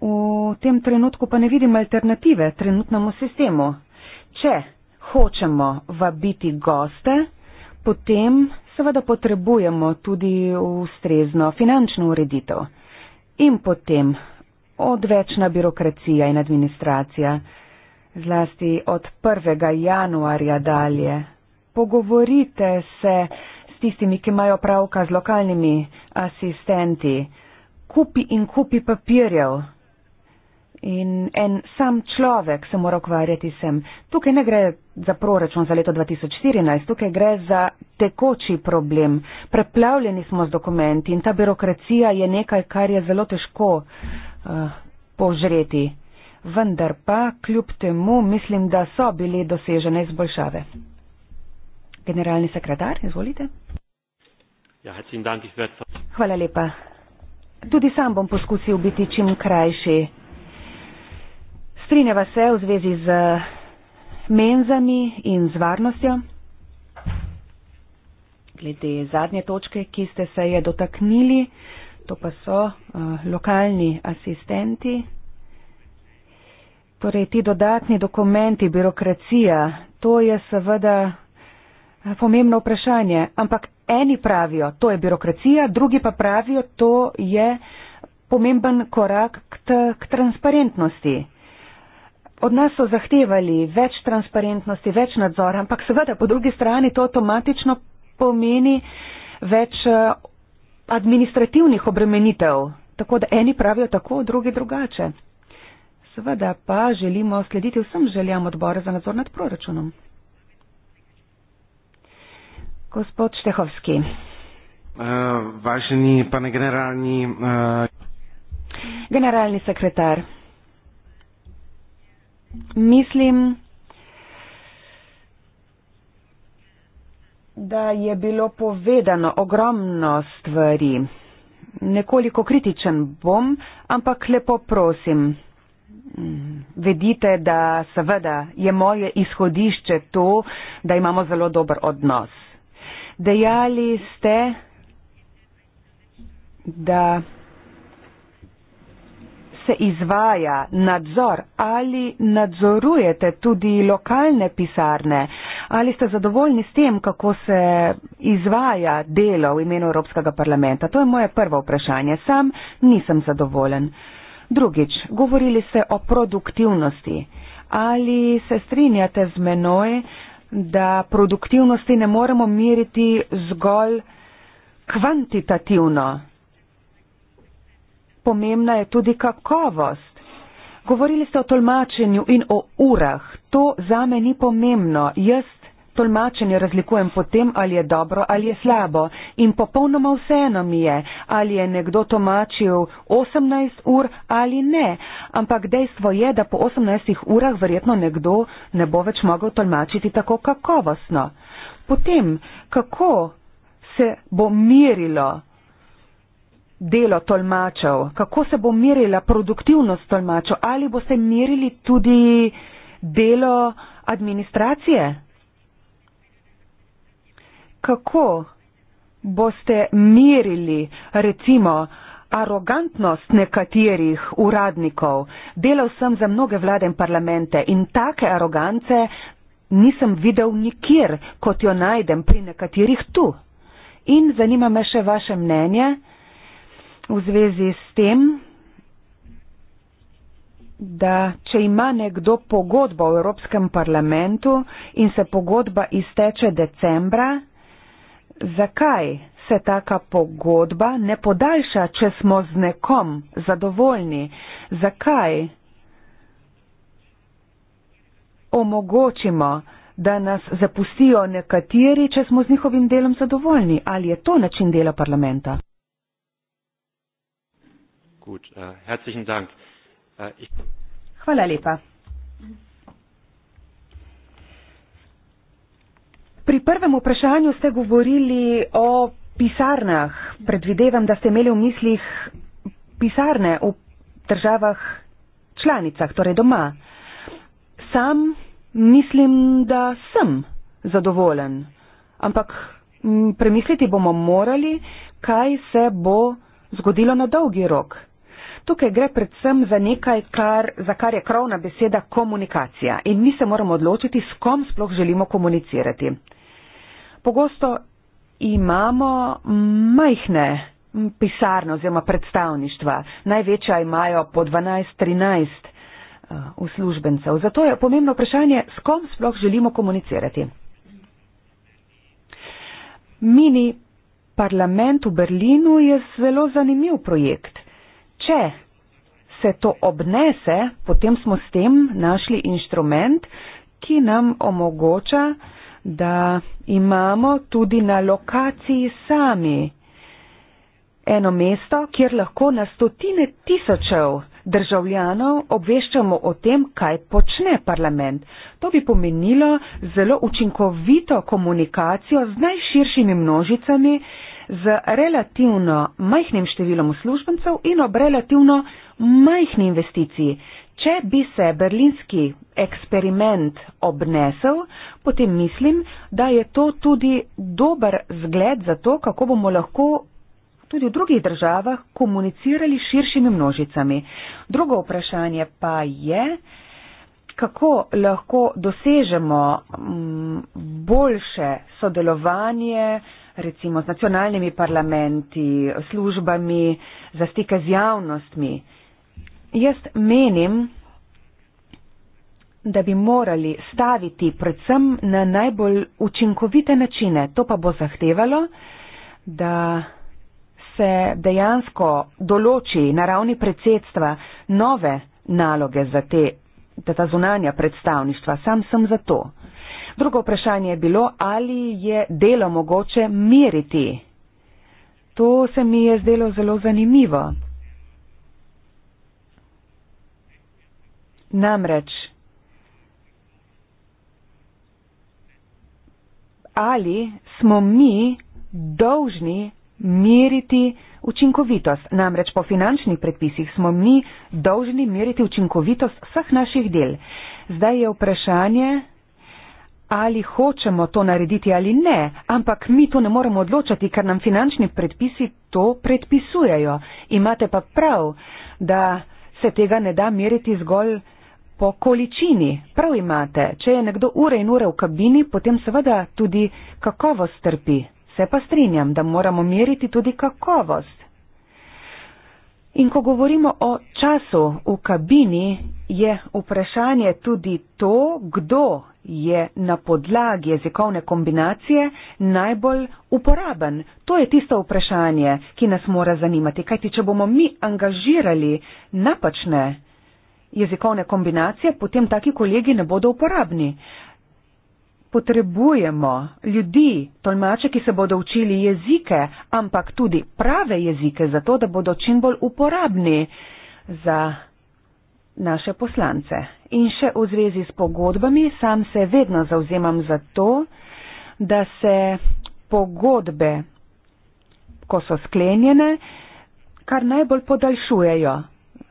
V tem trenutku pa ne vidim alternative trenutnemu sistemu. Če hočemo vabiti goste, potem seveda potrebujemo tudi ustrezno finančno ureditev. In potem odvečna birokracija in administracija, zlasti od 1. januarja dalje. Pogovorite se s tistimi, ki imajo pravka z lokalnimi asistenti. Kupi in kupi papirjev in en sam človek se mora ukvarjati s tem. Tukaj ne gre za proračun za leto 2014, tukaj gre za tekoči problem. Preplavljeni smo z dokumenti in ta birokracija je nekaj, kar je zelo težko uh, požreti. Vendar pa, kljub temu, mislim, da so bili dosežene izboljšave. Generalni sekretar, izvolite. Ja, Hvala lepa. Tudi sam bom poskusil biti čim krajši strinjava se v zvezi z menzami in z varnostjo. Glede zadnje točke, ki ste se je dotaknili, to pa so uh, lokalni asistenti. Torej, ti dodatni dokumenti, birokracija, to je seveda eh, pomembno vprašanje. Ampak eni pravijo, to je birokracija, drugi pa pravijo, to je pomemben korak k, k transparentnosti. Od nas so zahtevali več transparentnosti, več nadzora, ampak seveda po drugi strani to avtomatično pomeni več eh, administrativnih obremenitev. Tako da eni pravijo tako, drugi drugače. Seveda pa želimo slediti vsem željam odbora za nadzor nad proračunom. Gospod Štehovski. Uh, eh, Važni pa ne generalni. Uh... Generalni sekretar mislim, da je bilo povedano ogromno stvari. Nekoliko kritičen bom, ampak lepo prosim, vedite, da seveda je moje izhodišče to, da imamo zelo dober odnos. Dejali ste, da se izvaja nadzor ali nadzorujete tudi lokalne pisarne? Ali ste zadovoljni s tem, kako se izvaja delo v imenu Evropskega parlamenta? To je moje prvo vprašanje. Sam nisem zadovoljen. Drugič, govorili ste o produktivnosti. Ali se strinjate z menoj, da produktivnosti ne moremo meriti zgolj kvantitativno? pomembna je tudi kakovost. Govorili ste o tolmačenju in o urah. To zame ni pomembno. Jaz tolmačenje razlikujem po tem, ali je dobro ali je slabo. In popolnoma vseeno mi je, ali je nekdo tolmačil 18 ur ali ne. Ampak dejstvo je, da po 18 urah verjetno nekdo ne bo več mogel tolmačiti tako kakovostno. Potem, kako se bo mirilo delo tolmačev, kako se bo merila produktivnost tolmačev, ali bo se merili tudi delo administracije? Kako boste merili, recimo, arogantnost nekaterih uradnikov? Delal sem za mnoge vlade in parlamente in take arogance nisem videl nikjer, kot jo najdem pri nekaterih tu. In zanima me še vaše mnenje v zvezi s tem, da če ima nekdo pogodbo v Evropskem parlamentu in se pogodba izteče decembra, zakaj se taka pogodba ne podaljša, če smo z nekom zadovoljni? Zakaj omogočimo, da nas zapustijo nekateri, če smo z njihovim delom zadovoljni? Ali je to način dela parlamenta? gut. Äh, herzlichen Dank. Äh, ich Hvala lepa. Pri prvem vprašanju ste govorili o pisarnah. Predvidevam, da ste imeli v mislih pisarne v državah članicah, torej doma. Sam mislim, da sem zadovoljen, ampak premisliti bomo morali, kaj se bo zgodilo na dolgi rok tukaj gre predvsem za nekaj, kar, za kar je krovna beseda komunikacija in mi se moramo odločiti, s kom sploh želimo komunicirati. Pogosto imamo majhne pisarne oziroma predstavništva, največja imajo po 12-13 eh, uslužbencev. Zato je pomembno vprašanje, s kom sploh želimo komunicirati. Mini parlament v Berlinu je zelo zanimiv projekt če se to obnese, potem smo s tem našli inštrument, ki nam omogoča, da imamo tudi na lokaciji sami eno mesto, kjer lahko na stotine tisočev državljanov obveščamo o tem, kaj počne parlament. To bi pomenilo zelo učinkovito komunikacijo z najširšimi množicami, z relativno majhnim številom uslužbencev in ob relativno majhni investiciji. Če bi se berlinski eksperiment obnesel, potem mislim, da je to tudi dober zgled za to, kako bomo lahko tudi v drugih državah komunicirali širšimi množicami. Drugo vprašanje pa je, kako lahko dosežemo mm, boljše sodelovanje, recimo z nacionalnimi parlamenti, službami, za stike z javnostmi. Jaz menim, da bi morali staviti predvsem na najbolj učinkovite načine. To pa bo zahtevalo, da se dejansko določi na ravni predsedstva nove naloge za, te, za ta zunanja predstavništva. Sam sem za to. Drugo vprašanje je bilo, ali je delo mogoče meriti. To se mi je zdelo zelo zanimivo. Namreč, ali smo mi dolžni meriti učinkovitost? Namreč, po finančnih predpisih smo mi dolžni meriti učinkovitost vseh naših del. Zdaj je vprašanje, ali hočemo to narediti ali ne, ampak mi to ne moremo odločati, ker nam finančni predpisi to predpisujejo. Imate pa prav, da se tega ne da meriti zgolj po količini. Prav imate, če je nekdo ure in ure v kabini, potem seveda tudi kakovost trpi. Se pa strinjam, da moramo meriti tudi kakovost. In ko govorimo o času v kabini, je vprašanje tudi to, kdo je na podlagi jezikovne kombinacije najbolj uporaben. To je tisto vprašanje, ki nas mora zanimati, kajti če bomo mi angažirali napačne jezikovne kombinacije, potem taki kolegi ne bodo uporabni. Potrebujemo ljudi, tolmače, ki se bodo učili jezike, ampak tudi prave jezike, zato da bodo čim bolj uporabni za naše poslance. In še v zvezi s pogodbami, sam se vedno zauzemam za to, da se pogodbe, ko so sklenjene, kar najbolj podaljšujejo,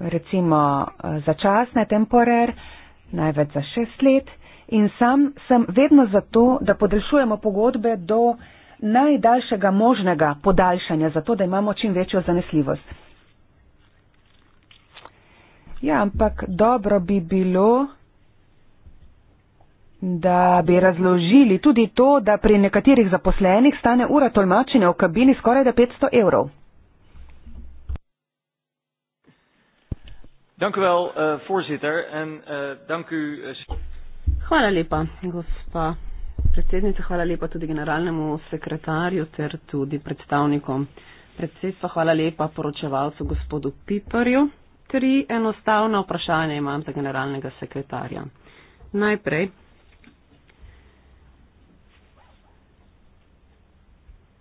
recimo eh, za čas na temporer, največ za šest let. In sam sem vedno za to, da podaljšujemo pogodbe do najdaljšega možnega podaljšanja, zato da imamo čim večjo zanesljivost. Ja, ampak dobro bi bilo, da bi razložili tudi to, da pri nekaterih zaposlenih stane ura tolmačenja v kabini skoraj da 500 evrov. Dankuvel, uh, eh, en, uh, eh, danku, uh, eh, hvala lepa, gospa predsednica, hvala lepa tudi generalnemu sekretarju ter tudi predstavnikom predsedstva. Hvala lepa poročevalcu gospodu Piperju tri enostavna vprašanja imam za generalnega sekretarja. Najprej.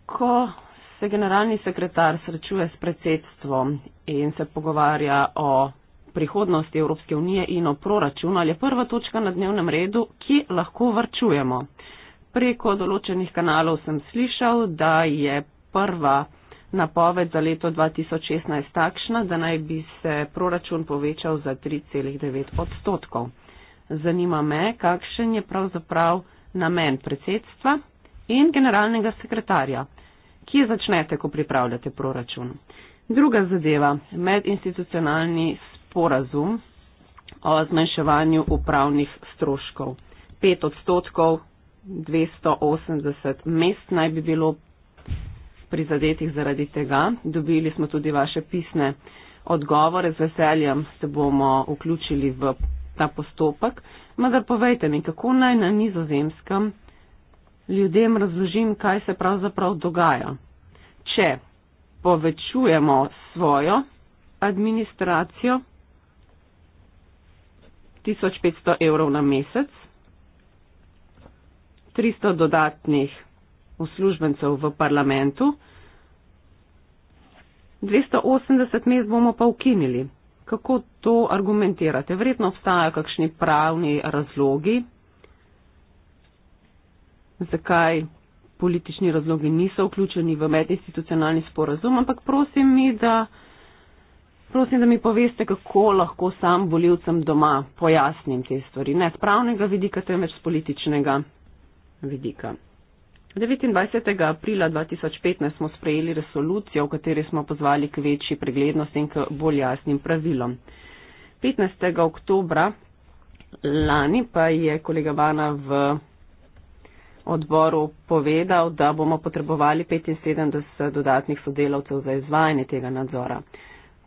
Ko se generalni sekretar srečuje s predsedstvom in se pogovarja o prihodnosti Evropske unije in o proračunu, ali je prva točka na dnevnem redu, ki lahko vrčujemo. Preko določenih kanalov sem slišal, da je prva napoved za leto 2016 takšna, da naj bi se proračun povečal za 3,9 odstotkov. Zanima me, kakšen je pravzaprav namen predsedstva in generalnega sekretarja, ki je začnete, ko pripravljate proračun. Druga zadeva, medinstitucionalni sporazum o zmanjševanju upravnih stroškov. 5 odstotkov, 280 mest naj bi bilo prizadetih zaradi tega. Dobili smo tudi vaše pisne odgovore, z veseljem se bomo vključili v ta postopek. Mada povejte mi, kako naj na nizozemskem ljudem razložim, kaj se pravzaprav dogaja. Če povečujemo svojo administracijo 1500 evrov na mesec, 300 dodatnih uslužbencev v parlamentu, 280 mest bomo pa ukinili. Kako to argumentirate? Verjetno obstajajo kakšni pravni razlogi, zakaj politični razlogi niso vključeni v medinstitucionalni sporazum, ampak prosim mi, da, prosim, da mi poveste, kako lahko sam voljivcem doma pojasnim te stvari. Ne z pravnega vidika, temveč z političnega vidika. 29. aprila 2015 smo sprejeli resolucijo, v kateri smo pozvali k večji preglednosti in k bolj jasnim pravilom. 15. oktobra lani pa je kolega Vana v odboru povedal, da bomo potrebovali 75 dodatnih sodelavcev za izvajanje tega nadzora.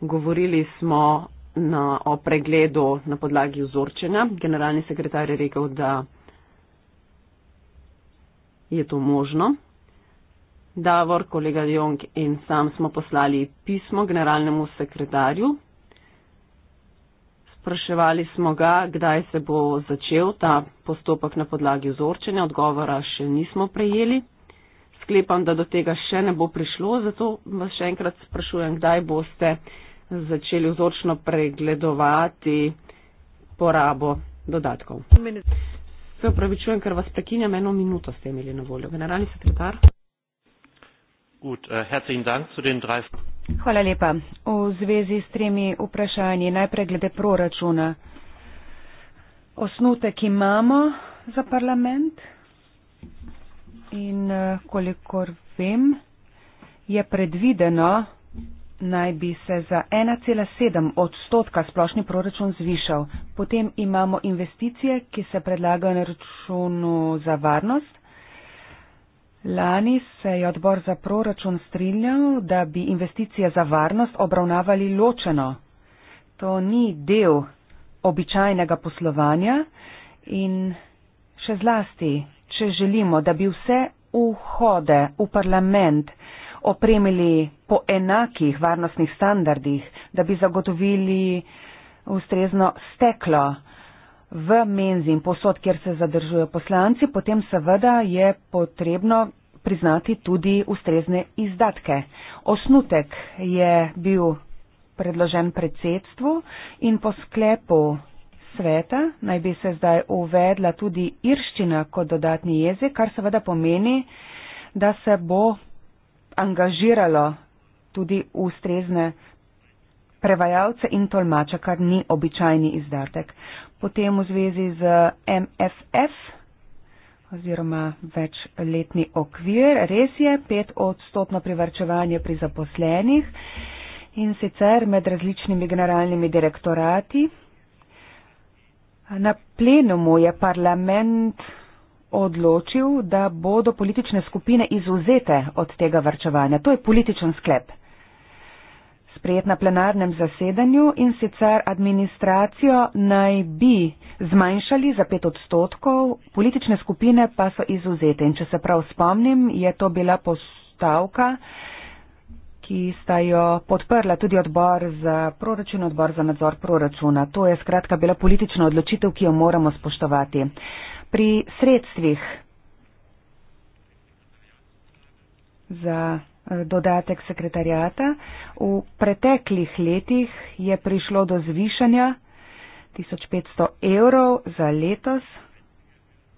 Govorili smo na, o pregledu na podlagi vzorčenja. Generalni sekretar je rekel, da je to možno. Davor, kolega Jong in sam smo poslali pismo generalnemu sekretarju. Spraševali smo ga, kdaj se bo začel ta postopek na podlagi vzorčenja. Odgovora še nismo prejeli. Sklepam, da do tega še ne bo prišlo, zato vas še enkrat sprašujem, kdaj boste začeli vzorčno pregledovati porabo dodatkov. Se upravičujem, ker vas prekinjam eno minuto, ste imeli na voljo. Generalni sekretar. Gut, äh, dank zu den drei... Hvala lepa. V zvezi s tremi vprašanji, najprej glede proračuna. Osnutek imamo za parlament in eh, kolikor vem, je predvideno, naj bi se za 1,7 odstotka splošni proračun zvišal. Potem imamo investicije, ki se predlagajo na računu za varnost. Lani se je odbor za proračun strinjal, da bi investicije za varnost obravnavali ločeno. To ni del običajnega poslovanja in še zlasti, če želimo, da bi vse vhode v parlament opremili po enakih varnostnih standardih, da bi zagotovili ustrezno steklo v menzi in posod, kjer se zadržujo poslanci, potem seveda je potrebno priznati tudi ustrezne izdatke. Osnutek je bil predložen predsedstvu in po sklepu sveta naj bi se zdaj uvedla tudi irščina kot dodatni jezik, kar seveda pomeni, da se bo angažiralo tudi ustrezne prevajalce in tolmača, kar ni običajni izdatek. Potem v zvezi z MFF oziroma večletni okvir, res je, pet odstotno privrčevanje pri zaposlenih in sicer med različnimi generalnimi direktorati. Na plenumu je parlament odločil, da bodo politične skupine izuzete od tega vrčevanja. To je političen sklep. Sprejet na plenarnem zasedanju in sicer administracijo naj bi zmanjšali za pet odstotkov, politične skupine pa so izuzete. In če se prav spomnim, je to bila postavka, ki sta jo podprla tudi odbor za proračun, odbor za nadzor proračuna. To je skratka bila politična odločitev, ki jo moramo spoštovati pri sredstvih za eh, dodatek sekretarjata. V preteklih letih je prišlo do zvišanja 1500 evrov za letos.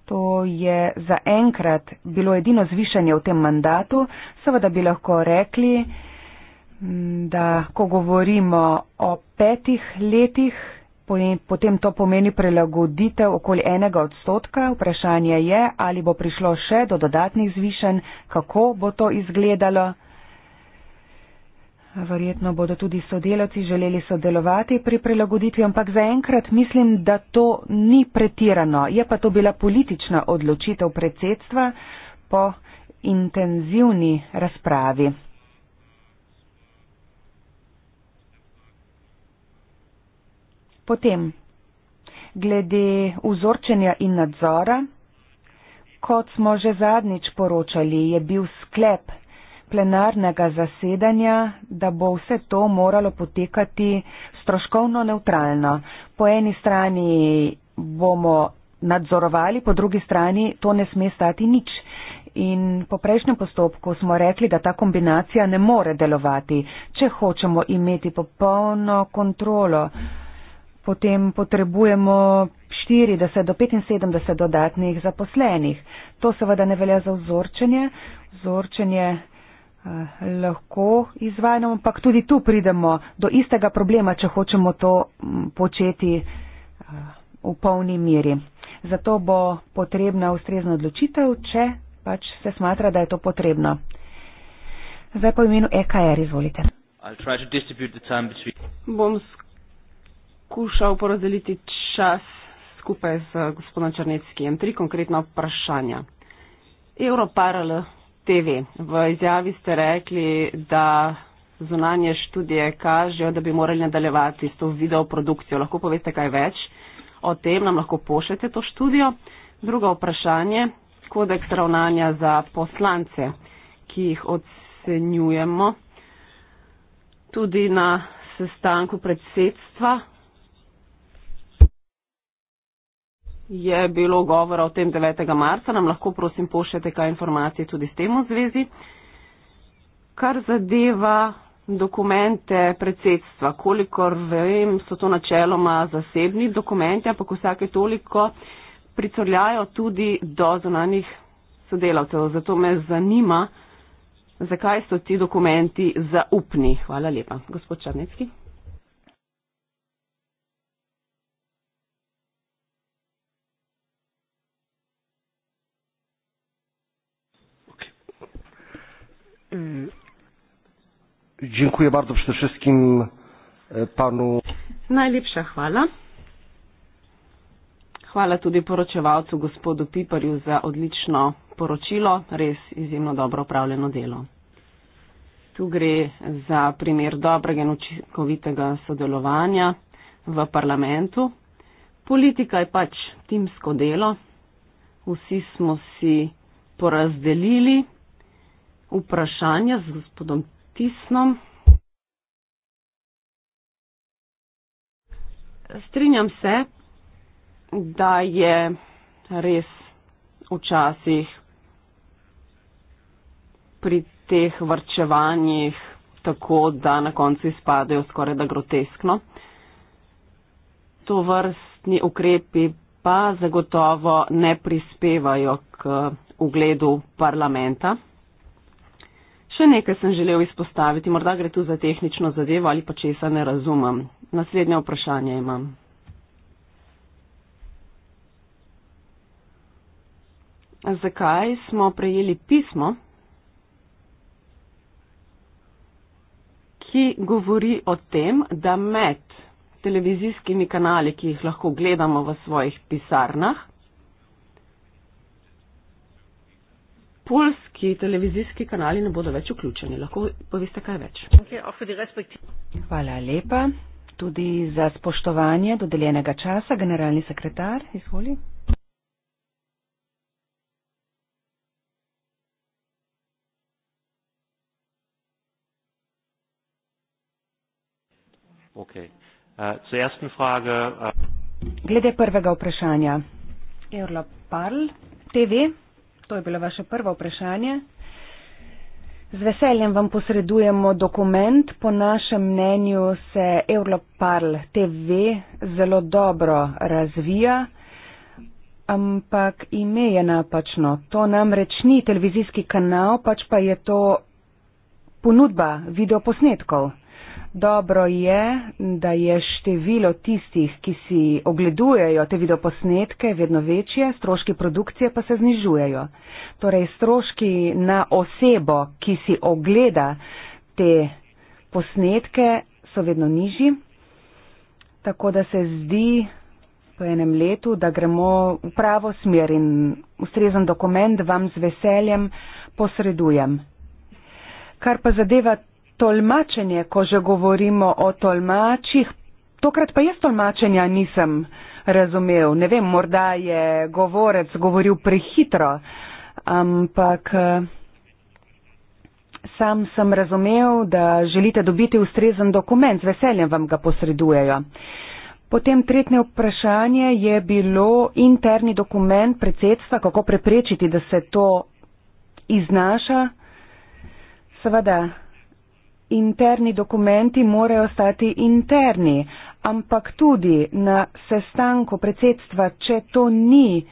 To je zaenkrat bilo edino zvišanje v tem mandatu. Seveda bi lahko rekli, da ko govorimo o petih letih potem to pomeni prilagoditev okoli enega odstotka. Vprašanje je, ali bo prišlo še do dodatnih zvišen, kako bo to izgledalo. Verjetno bodo tudi sodelavci želeli sodelovati pri prilagoditvi, ampak zaenkrat mislim, da to ni pretirano. Je pa to bila politična odločitev predsedstva po intenzivni razpravi. Potem, glede vzorčenja in nadzora, kot smo že zadnjič poročali, je bil sklep plenarnega zasedanja, da bo vse to moralo potekati stroškovno neutralno. Po eni strani bomo nadzorovali, po drugi strani to ne sme stati nič. In po prejšnjem postopku smo rekli, da ta kombinacija ne more delovati, če hočemo imeti popolno kontrolo. Mm potem potrebujemo 40 do 75 dodatnih zaposlenih. To seveda ne velja za vzorčenje. Vzorčenje eh, lahko izvajamo, ampak tudi tu pridemo do istega problema, če hočemo to početi eh, v polni miri. Zato bo potrebna ustrezna odločitev, če pač se smatra, da je to potrebno. Zdaj po imenu EKR, izvolite. Bom skušal porazdeliti čas skupaj z gospodom Črneckijem. Tri konkretna vprašanja. Europaral TV. V izjavi ste rekli, da zunanje študije kažejo, da bi morali nadaljevati s to videoprodukcijo. Lahko poveste kaj več o tem, nam lahko pošljete to študijo. Drugo vprašanje. Kodeks ravnanja za poslance, ki jih ocenjujemo. Tudi na sestanku predsedstva je bilo govora o tem 9. marca, nam lahko prosim pošljete kaj informacije tudi s tem v zvezi. Kar zadeva dokumente predsedstva, kolikor vem, so to načeloma zasebni dokumenti, ampak vsake toliko pricrljajo tudi do zunanih sodelavcev. Zato me zanima, zakaj so ti dokumenti zaupni. Hvala lepa. Gospod Črnecki. Dziękuję bardzo przede wszystkim e, panu. Najlepsza hvala. Hvala tudi poročevalcu gospodu Piparju za odlično poročilo, res izjemno dobro upravljeno delo. Tu gre za primer dobrega in učinkovitega sodelovanja v parlamentu. Politika je pač timsko delo. Vsi smo si porazdelili vprašanja z gospodom pritisnom. Strinjam se, da je res včasih pri teh vrčevanjih tako, da na koncu izpadajo skoraj da groteskno. To vrstni ukrepi pa zagotovo ne prispevajo k ugledu parlamenta. Še nekaj sem želel izpostaviti, morda gre tu za tehnično zadevo ali pa česa ne razumem. Naslednje vprašanje imam. Zakaj smo prejeli pismo, ki govori o tem, da med televizijskimi kanali, ki jih lahko gledamo v svojih pisarnah, polski televizijski kanali ne bodo več vključeni. Lahko poveste kaj več. Hvala lepa. Tudi za spoštovanje dodeljenega časa, generalni sekretar, izvoli. Okay. Uh, frage, uh... Glede prvega vprašanja, Eurla Parl, TV. To je bilo vaše prvo vprašanje. Z veseljem vam posredujemo dokument. Po našem mnenju se Europarl TV zelo dobro razvija, ampak ime je napačno. To namreč ni televizijski kanal, pač pa je to ponudba videoposnetkov. Dobro je, da je število tistih, ki si ogledujejo te videoposnetke, vedno večje, stroški produkcije pa se znižujejo. Torej, stroški na osebo, ki si ogleda te posnetke, so vedno nižji. Tako da se zdi po enem letu, da gremo v pravo smer in ustrezen dokument vam z veseljem posredujem. Kar pa zadeva tolmačenje, ko že govorimo o tolmačih. Tokrat pa jaz tolmačenja nisem razumel. Ne vem, morda je govorec govoril prehitro, ampak sam sem razumel, da želite dobiti ustrezen dokument, z veseljem vam ga posredujejo. Potem tretje vprašanje je bilo interni dokument predsedstva, kako preprečiti, da se to iznaša. Seveda, interni dokumenti morajo stati interni, ampak tudi na sestanku predsedstva, če to ni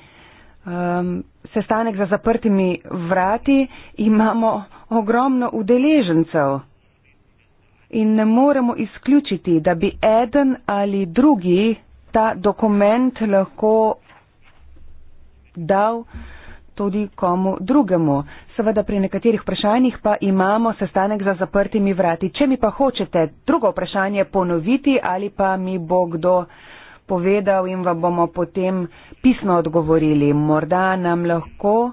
um, sestanek za zaprtimi vrati, imamo ogromno udeležencev. In ne moremo izključiti, da bi eden ali drugi ta dokument lahko dal tudi komu drugemu. Seveda pri nekaterih vprašanjih pa imamo sestanek za zaprtimi vrati. Če mi pa hočete drugo vprašanje ponoviti ali pa mi bo kdo povedal in vam bomo potem pisno odgovorili, morda nam lahko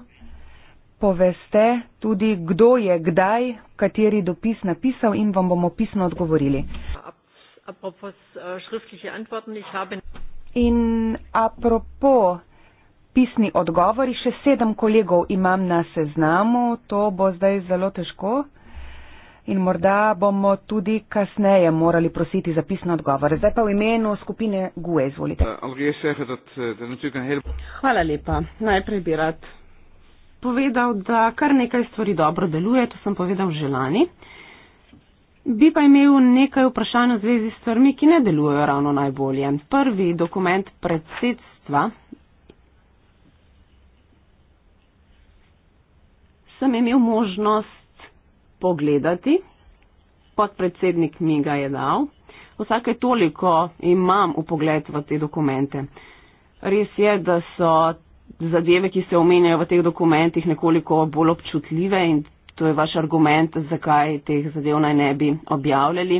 poveste tudi, kdo je kdaj kateri dopis napisal in vam bomo pisno odgovorili. Eh, in apropos pisni odgovori, še sedem kolegov imam na seznamu, to bo zdaj zelo težko in morda bomo tudi kasneje morali prositi za pisne odgovore. Zdaj pa v imenu skupine GUE, izvolite. Eh, Hvala lepa. Najprej bi rad povedal, da kar nekaj stvari dobro deluje, to sem povedal že lani. Bi pa imel nekaj vprašanj v zvezi s stvarmi, ki ne delujejo ravno najbolje. Prvi dokument predsedstva sem imel možnost pogledati, podpredsednik mi ga je dal. Vsake toliko imam upogled v te dokumente. Res je, da so zadeve, ki se omenjajo v teh dokumentih, nekoliko bolj občutljive in to je vaš argument, zakaj teh zadev naj ne bi objavljali.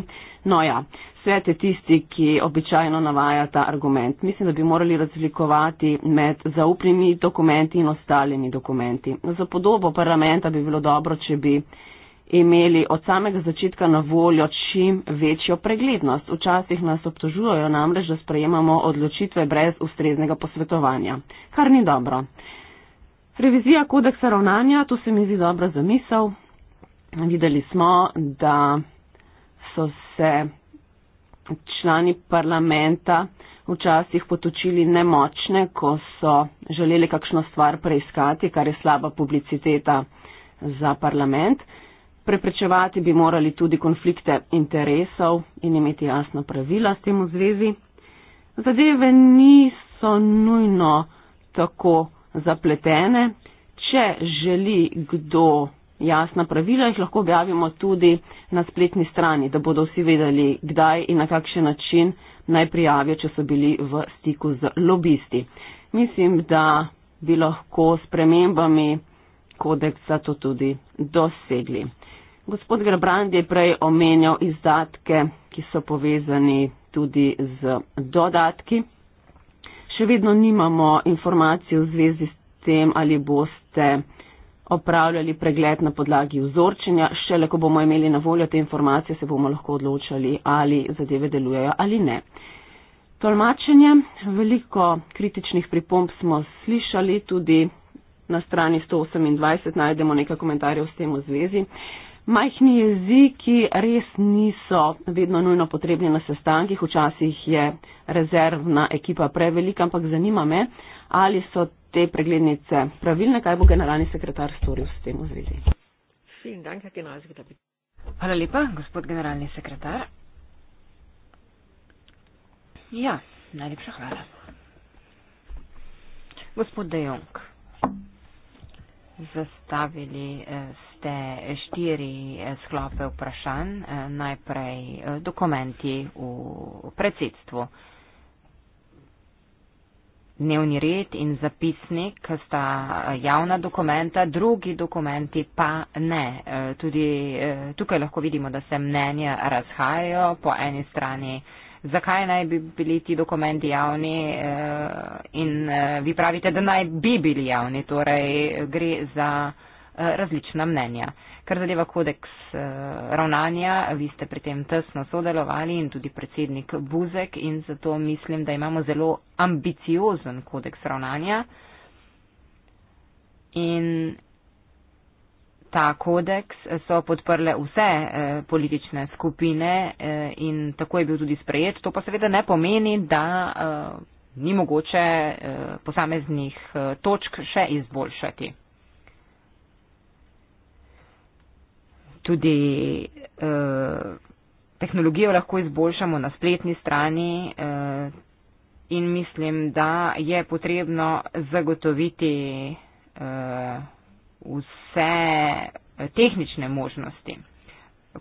No ja, svete tisti, ki običajno navaja ta argument. Mislim, da bi morali razlikovati med zaupnimi dokumenti in ostalimi dokumenti. No, za podobo parlamenta bi bilo dobro, če bi imeli od samega začetka na voljo čim večjo preglednost. Včasih nas obtožujejo namreč, da sprejemamo odločitve brez ustreznega posvetovanja, kar ni dobro. Revizija kodeksa ravnanja, to se mi zdi dobra zamisel. Videli smo, da so se člani parlamenta včasih potočili nemočne, ko so želeli kakšno stvar preiskati, kar je slaba publiciteta za parlament. Preprečevati bi morali tudi konflikte interesov in imeti jasno pravila s tem v zvezi. Zadeve niso nujno tako zapletene. Če želi kdo jasna pravila, jih lahko objavimo tudi na spletni strani, da bodo vsi vedeli, kdaj in na kakšen način naj prijavijo, če so bili v stiku z lobisti. Mislim, da bi lahko s premembami kodeksa to tudi dosegli. Gospod Grabrand je prej omenjal izdatke, ki so povezani tudi z dodatki. Še vedno nimamo informacij v zvezi s tem, ali boste opravljali pregled na podlagi vzorčenja. Šele, ko bomo imeli na voljo te informacije, se bomo lahko odločali, ali zadeve delujejo ali ne. Tolmačenje. Veliko kritičnih pripomb smo slišali, tudi na strani 128 najdemo nekaj komentarjev s tem v zvezi. Majhni jeziki res niso vedno nujno potrebni na sestankih, včasih je rezervna ekipa prevelika, ampak zanima me, ali so te preglednice pravilne, kaj bo generalni sekretar storil s tem v zvezi. Hvala lepa, gospod generalni sekretar. Ja, najlepša hvala. Gospod Dejong, zastavili eh, ste štiri eh, sklope vprašanj, eh, najprej dokumenti v predsedstvu dnevni red in zapisnik sta javna dokumenta, drugi dokumenti pa ne. E, tudi e, tukaj lahko vidimo, da se mnenja razhajajo po eni strani. Zakaj naj bi bili ti dokumenti javni e, in vi pravite, da naj bi bili javni, torej gre za različna mnenja kar zadeva kodeks eh, ravnanja. Vi ste pri tem tesno sodelovali in tudi predsednik Buzek in zato mislim, da imamo zelo ambiciozen kodeks ravnanja. In ta kodeks so podprle vse eh, politične skupine eh, in tako je bil tudi sprejet. To pa seveda ne pomeni, da. Ni mogoče eh, posameznih eh, točk še izboljšati. tudi eh, tehnologijo lahko izboljšamo na spletni strani eh, in mislim, da je potrebno zagotoviti eh, vse tehnične možnosti.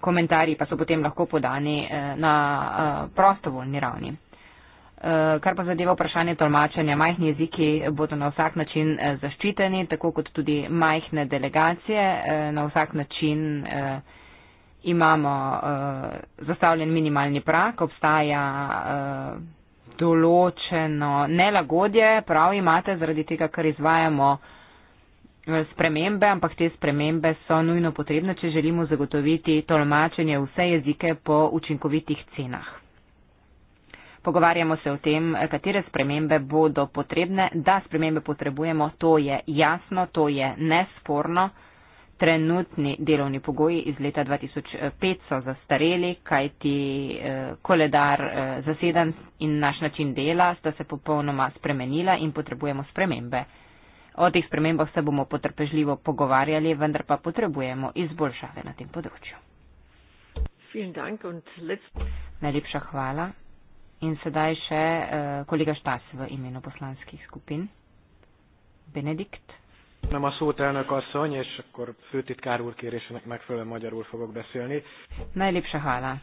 Komentarji pa so potem lahko podani eh, na eh, prostovoljni ravni. Eh, kar pa zadeva vprašanje tolmačenja, majhni jeziki bodo na vsak način eh, zaščiteni, tako kot tudi majhne delegacije. Eh, na vsak način imamo zastavljen minimalni prak, obstaja določeno nelagodje, prav imate, zaradi tega, ker izvajamo spremembe, ampak te spremembe so nujno potrebne, če želimo zagotoviti tolmačenje vse jezike po učinkovitih cenah. Pogovarjamo se o tem, katere spremembe bodo potrebne, da spremembe potrebujemo, to je jasno, to je nesporno. Trenutni delovni pogoji iz leta 2005 so zastareli, kajti eh, koledar eh, zaseden in naš način dela sta se popolnoma spremenila in potrebujemo spremembe. O teh spremembah se bomo potrpežljivo pogovarjali, vendar pa potrebujemo izboljšave na tem področju. Najlepša hvala. In sedaj še uh, kolega Štas v imenu poslanskih skupin. Benedikt. Nem a szótelnök asszony, és akkor főtitkár úr kérésének megfelelően magyarul fogok beszélni. Najlépse hála,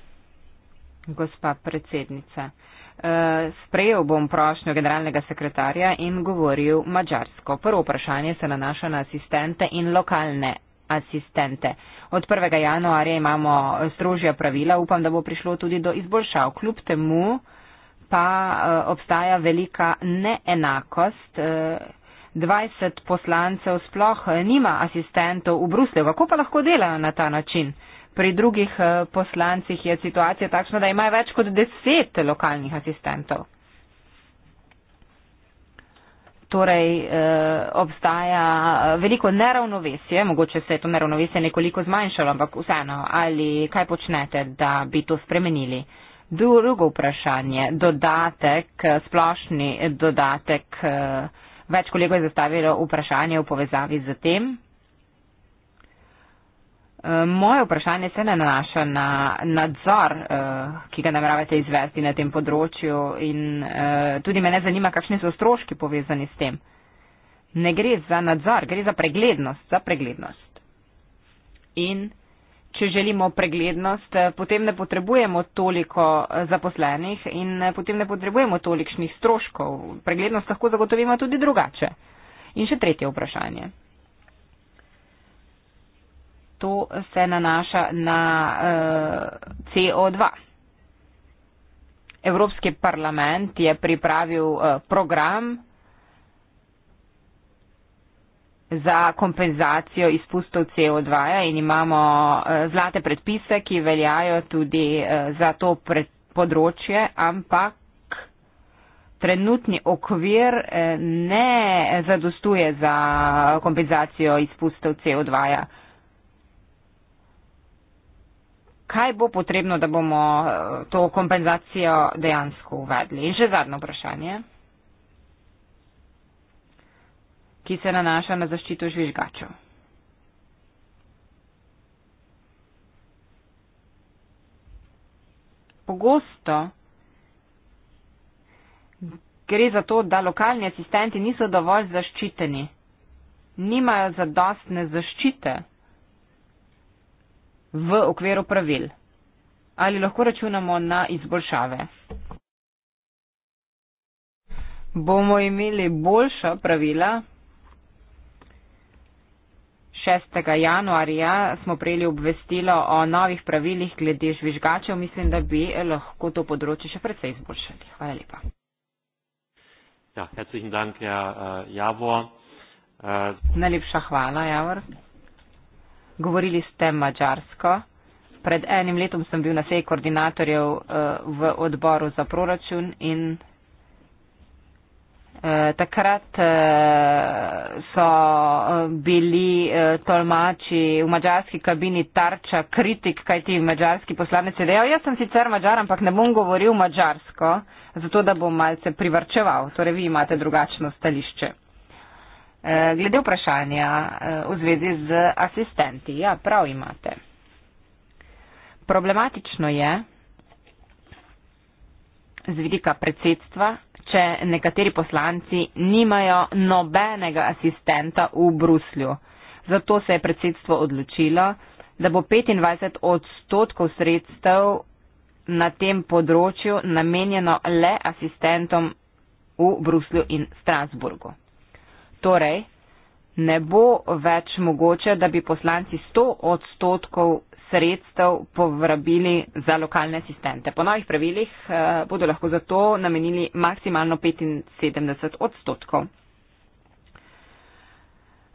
gospa predsednica. Eh, sprejel bom prošnjo generalnega sekretarja in govoril mađarsko. Prvo vprašanje se nanaša na asistente in lokalne asistente. Od 1. januarja imamo strožja pravila, upam, da bo prišlo tudi do izboljšav. Kljub temu, uh, pa eh, obstaja velika neenakost. 20 eh, poslancev sploh eh, nima asistentov v Bruslju. Kako pa lahko delajo na ta način? Pri drugih poslancih je situacija takšna, da imajo več kot 10 lokalnih asistentov. Torej eh, obstaja veliko neravnovesje, mogoče se je to neravnovesje nekoliko zmanjšalo, ampak vseeno, ali kaj počnete, da bi to spremenili? Eh, Drugo vprašanje, dodatek, splošni dodatek, eh, več kolegov je zastavilo vprašanje v povezavi z tem. Eh, moje vprašanje se nanaša na nadzor, eh, ki ga nameravate izvesti na tem področju in tudi me ne zanima, kakšni so stroški povezani s tem. Ne gre za nadzor, gre za preglednost, za preglednost. In če želimo preglednost, eh, potem ne potrebujemo toliko eh, zaposlenih in eh, potem ne potrebujemo tolikšnih stroškov. Preglednost lahko zagotovimo tudi drugače. In še tretje vprašanje. To se nanaša na uh, CO2. Evropski parlament je pripravil uh, program za kompenzacijo izpustov CO2 in imamo eh, zlate predpise, ki veljajo tudi eh, za to področje, ampak trenutni okvir eh, ne zadostuje za kompenzacijo izpustov CO2. Kaj bo potrebno, da bomo to kompenzacijo dejansko uvedli? In še zadnje vprašanje. ki se nanaša na zaščito žvižgačev. Pogosto gre za to, da lokalni asistenti niso dovolj zaščiteni, nimajo zadostne zaščite v okviru pravil. Ali lahko računamo na izboljšave? Bomo imeli boljša pravila, 6. januarja smo prejeli obvestilo o novih pravilih glede žvižgačev. Mislim, da bi lahko to področje še predvsej izboljšali. Hvala lepa. Ja, herzlichen Dank, ja, Javor. Äh, Najlepša hvala, Javor. Govorili ste mačarsko. Pred enim letom sem bil na sej koordinatorjev äh, v odboru za proračun in Eh, takrat eh, so eh, bili tolmači v mađarski kabini tarča kritik, kaj ti mađarski poslanec je dejal. Jaz sem sicer mađar, ampak ne bom govoril mađarsko, zato da bom malce privrčeval. Torej, vi imate drugačno stališče. Glede vprašanja v zvezi z asistenti. Ja, prav imate. Problematično je, z vidika predsedstva, če nekateri poslanci nimajo nobenega asistenta v Bruslju. Zato se je predsedstvo odločilo, da bo 25 odstotkov sredstev na tem področju namenjeno le asistentom v Bruslju in Strasburgu. Torej, ne bo več mogoče, da bi poslanci 100 odstotkov sredstev povrabili za lokalne asistente. Po novih pravilih eh, bodo lahko za to namenili maksimalno 75 odstotkov.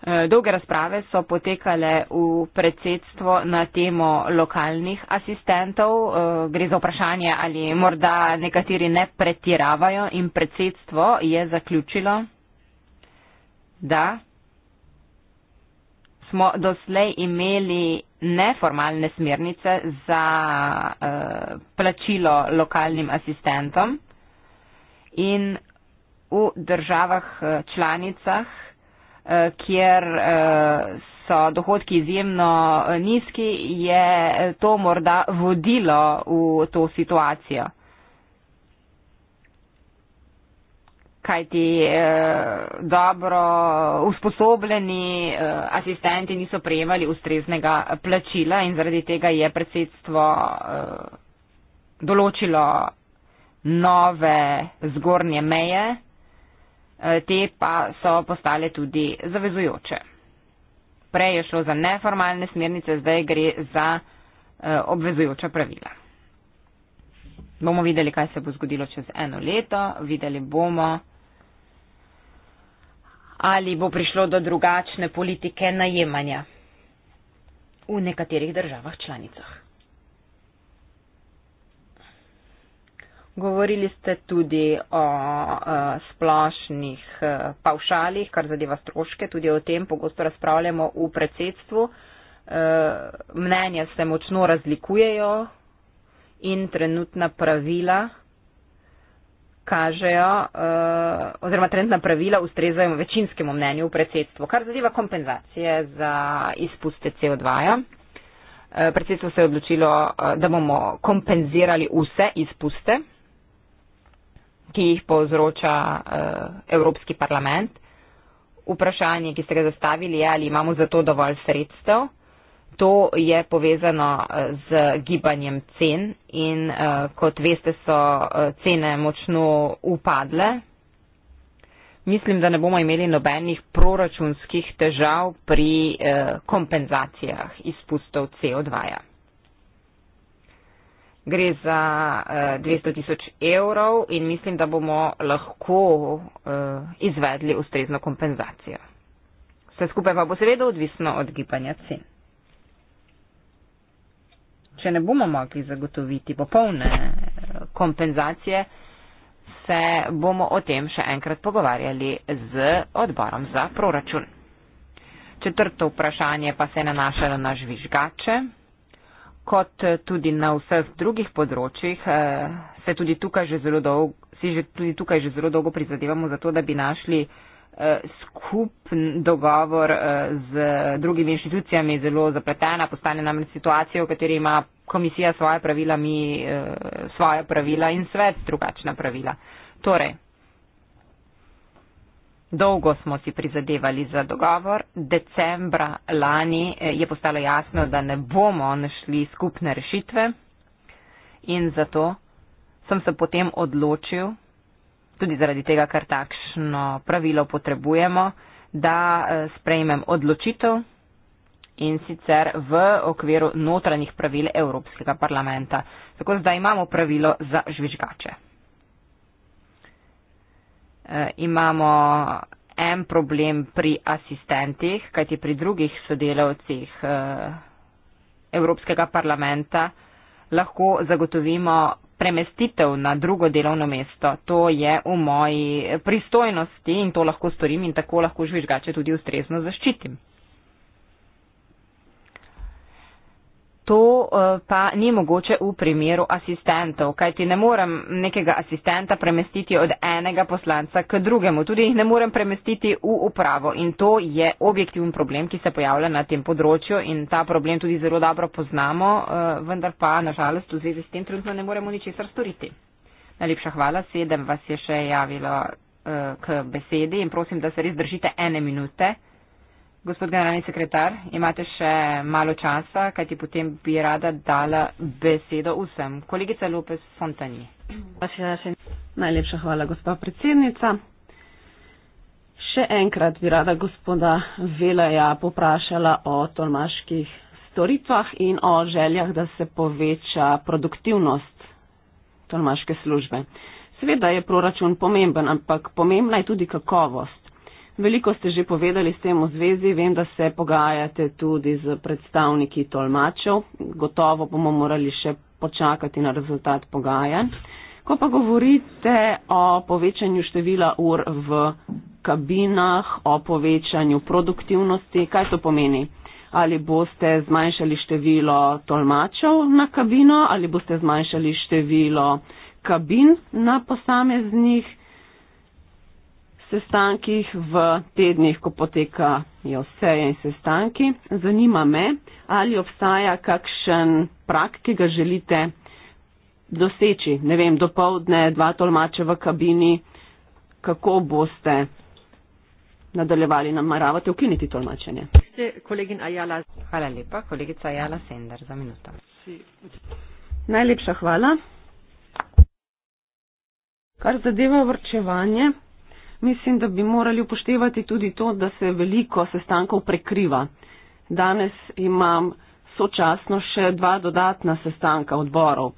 Eh, dolge razprave so potekale v predsedstvo na temo lokalnih asistentov. Eh, gre za vprašanje, ali morda nekateri ne pretiravajo in predsedstvo je zaključilo, da smo doslej imeli neformalne smernice za uh, plačilo lokalnim asistentom in v državah uh, članicah, uh, kjer uh, so dohodki izjemno nizki, je to morda vodilo v to situacijo. kajti eh, dobro usposobljeni eh, asistenti niso prejemali ustreznega plačila in zaradi tega je predsedstvo eh, določilo nove zgornje meje, eh, te pa so postale tudi zavezujoče. Prej je šlo za neformalne smernice, zdaj gre za eh, obvezujoča pravila. Bomo videli, kaj se bo zgodilo čez eno leto, videli bomo, ali bo prišlo do drugačne politike najemanja v nekaterih državah članicah. Govorili ste tudi o uh, splošnih uh, pavšalih, kar zadeva stroške, tudi o tem pogosto razpravljamo v predsedstvu. Uh, mnenja se močno razlikujejo in trenutna pravila kažejo, uh, oziroma trenutna pravila ustrezajo večinskemu mnenju v predsedstvu, kar zadeva kompenzacije za izpuste CO2. -ja. Uh, predsedstvo se je odločilo, uh, da bomo kompenzirali vse izpuste, ki jih povzroča uh, Evropski parlament. Vprašanje, ki ste ga zastavili, je, ali imamo za to dovolj sredstev. To je povezano eh, z gibanjem cen in eh, kot veste, so eh, cene močno upadle. Mislim, da ne bomo imeli nobenih proračunskih težav pri kompenzacijah izpustov CO2. -ja. Gre za 200 tisoč evrov in mislim, da bomo lahko izvedli ustrezno kompenzacijo. Vse skupaj pa bo seveda odvisno od gibanja cen če ne bomo mogli zagotoviti popolne eh, kompenzacije, se bomo o tem še enkrat pogovarjali z odborom za proračun. Četrto vprašanje pa se nanaša na naš vižgače. Kot tudi na vseh drugih področjih, eh, se tudi tukaj že zelo dolgo, že, tukaj že zelo dolgo prizadevamo za to, da bi našli Eh, skupen dogovor eh, z drugimi inštitucijami zelo zapletena, postane namreč situacija, v kateri ima komisija svoje pravila, mi eh, svoje pravila in svet drugačna pravila. Torej, dolgo smo si prizadevali za dogovor, decembra lani je postalo jasno, da ne bomo našli skupne rešitve in zato sem se potem odločil, tudi zaradi tega, ker takšno pravilo potrebujemo, da eh, sprejmem odločitev in sicer v okviru notranjih pravil Evropskega parlamenta. Tako zdaj imamo pravilo za žvižgače. E, imamo en problem pri asistentih, kajti pri drugih sodelavcih e, Evropskega parlamenta lahko zagotovimo premestitev na drugo delovno mesto. To je v moji pristojnosti in to lahko storim in tako lahko žvižgače tudi ustrezno zaščitim. to eh, pa ni mogoče v primeru asistentov, kajti ne morem nekega asistenta premestiti od enega poslanca k drugemu, tudi jih ne morem premestiti v upravo in to je objektiven problem, ki se pojavlja na tem področju in ta problem tudi zelo dobro poznamo, eh, vendar pa nažalost v zvezi s tem trenutno ne moremo ničesar storiti. Najlepša hvala, sedem vas je še javilo eh, k besedi in prosim, da se res držite ene minute. Gospod generalni sekretar, imate še malo časa, kajti potem bi rada dala besedo vsem. Kolegica Lopez Fontani. Najlepša hvala, gospa predsednica. Še enkrat bi rada gospoda Velaja poprašala o tolmaških storitvah in o željah, da se poveča produktivnost tolmaške službe. Sveda je proračun pomemben, ampak pomembna je tudi kakovost. Veliko ste že povedali s tem v zvezi, vem, da se pogajate tudi z predstavniki tolmačev. Gotovo bomo morali še počakati na rezultat pogajanj. Ko pa govorite o povečanju števila ur v kabinah, o povečanju produktivnosti, kaj to pomeni? Ali boste zmanjšali število tolmačev na kabino, ali boste zmanjšali število kabin na posameznih sestankih, v tednih, ko potekajo seje in sestanki. Zanima me, ali obstaja kakšen prak, ki ga želite doseči. Ne vem, dopoledne, dva tolmače v kabini, kako boste nadaljevali, nameravate ukiniti tolmačenje. Ajala, hvala lepa, kolegica Jala Sender, za minuto. Najlepša hvala. Kar zadeva vrčevanje, mislim, da bi morali upoštevati tudi to, da se veliko sestankov prekriva. Danes imam sočasno še dva dodatna sestanka odborov.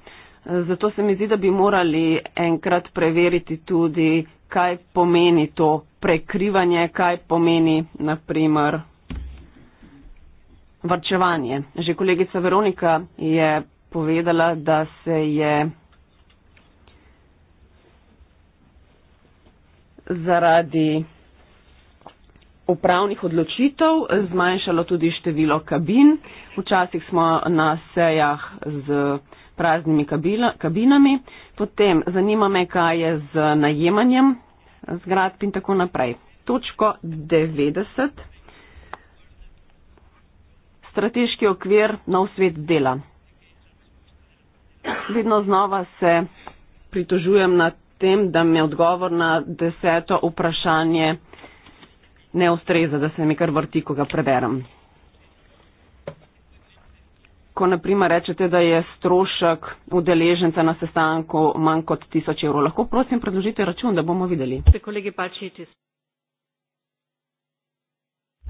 Zato se mi zdi, da bi morali enkrat preveriti tudi, kaj pomeni to prekrivanje, kaj pomeni naprimer varčevanje. Že kolegica Veronika je povedala, da se je zaradi upravnih odločitev zmanjšalo tudi število kabin. Včasih smo na sejah z praznimi kabila, kabinami. Potem zanima me, kaj je z najemanjem zgradb in tako naprej. Točko 90. Strateški okvir na svet dela. Vedno znova se pritožujem nad tem, da mi odgovor na deseto vprašanje ne ustreza, da se mi kar vrti, ko ga preberem. Ko naprimer rečete, da je strošek udeleženca na sestanku manj kot 1000 evrov, lahko prosim predložite račun, da bomo videli. Kolegi Palčitis.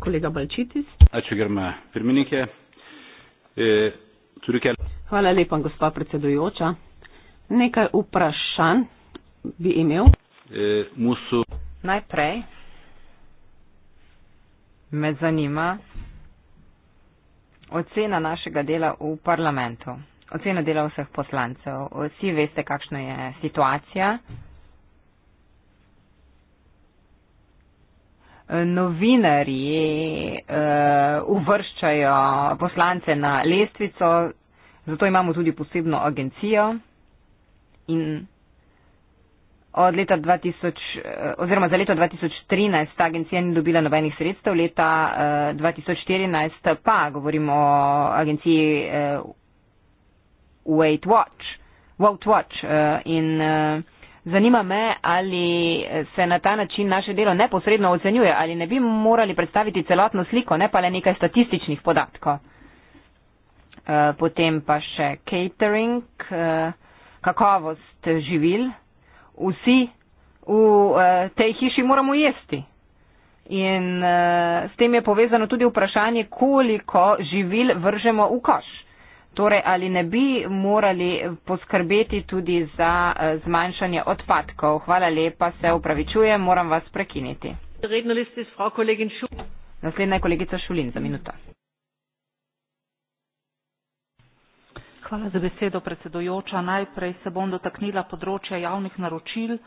Kolega Palčitis. E, Hvala lepa, gospa predsedujoča. Nekaj vprašanj bi imel e, najprej me zanima ocena našega dela v parlamentu, ocena dela vseh poslancev. Vsi veste, kakšna je situacija. Novinari uh, e, uvrščajo poslance na lestvico, zato imamo tudi posebno agencijo in od leta 2000, eh, oziroma za leto 2013 ta agencija ni dobila nobenih sredstev, leta 2014 eh, pa govorimo o agenciji eh, Wait Watch, Wait Watch in zanima me, ali se na ta način naše delo neposredno ocenjuje, ali ne bi morali predstaviti celotno sliko, ne pa le nekaj statističnih podatkov. Potem pa še catering, kakovost živil vsi v eh, tej hiši moramo jesti. In eh, s tem je povezano tudi vprašanje, koliko živil vržemo v koš. Torej, ali ne bi morali poskrbeti tudi za eh, zmanjšanje odpadkov. Hvala lepa, se upravičujem, moram vas prekiniti. Naslednja je kolegica Šulin za minuto. Hvala za besedo, predsedujoča. Najprej se bom dotaknila področja javnih naročil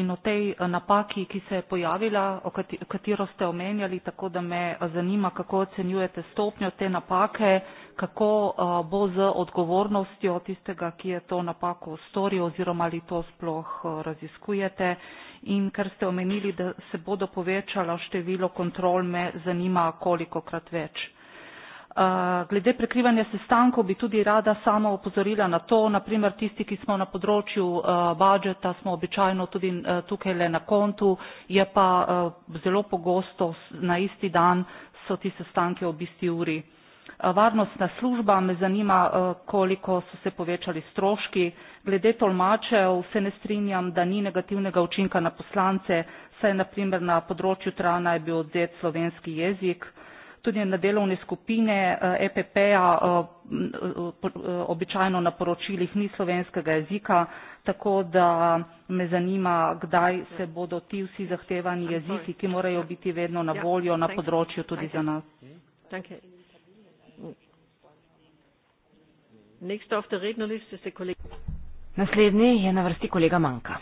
in o tej eh, napaki, ki se je pojavila, o katero ste omenjali, tako da me eh, zanima, kako ocenjujete stopnjo te napake, kako eh, bo z odgovornostjo tistega, ki je to napako storil oziroma ali to sploh raziskujete. In ker ste omenili, da se bodo povečala število kontrol, me zanima, kolikokrat več. Eh, glede prekrivanja sestankov bi tudi rada sama opozorila na to, naprimer tisti, ki smo na področju eh, budžeta, smo običajno tudi eh, tukaj le na kontu, je pa zelo pogosto na isti dan so ti sestanki ob isti uri. Varnostna služba me zanima, koliko so se povečali stroški. Glede tolmačev se ne strinjam, da ni negativnega učinka na poslance, saj naprimer na področju trana je bil odzet slovenski jezik tudi na delovne skupine EPP-ja eh, e eh, eh, običajno na poročilih ni slovenskega jezika, tako da me zanima, kdaj se bodo ti vsi zahtevani jeziki, ki morajo biti vedno na ja, voljo na področju tudi za nas. Naslednji je na vrsti kolega Manka.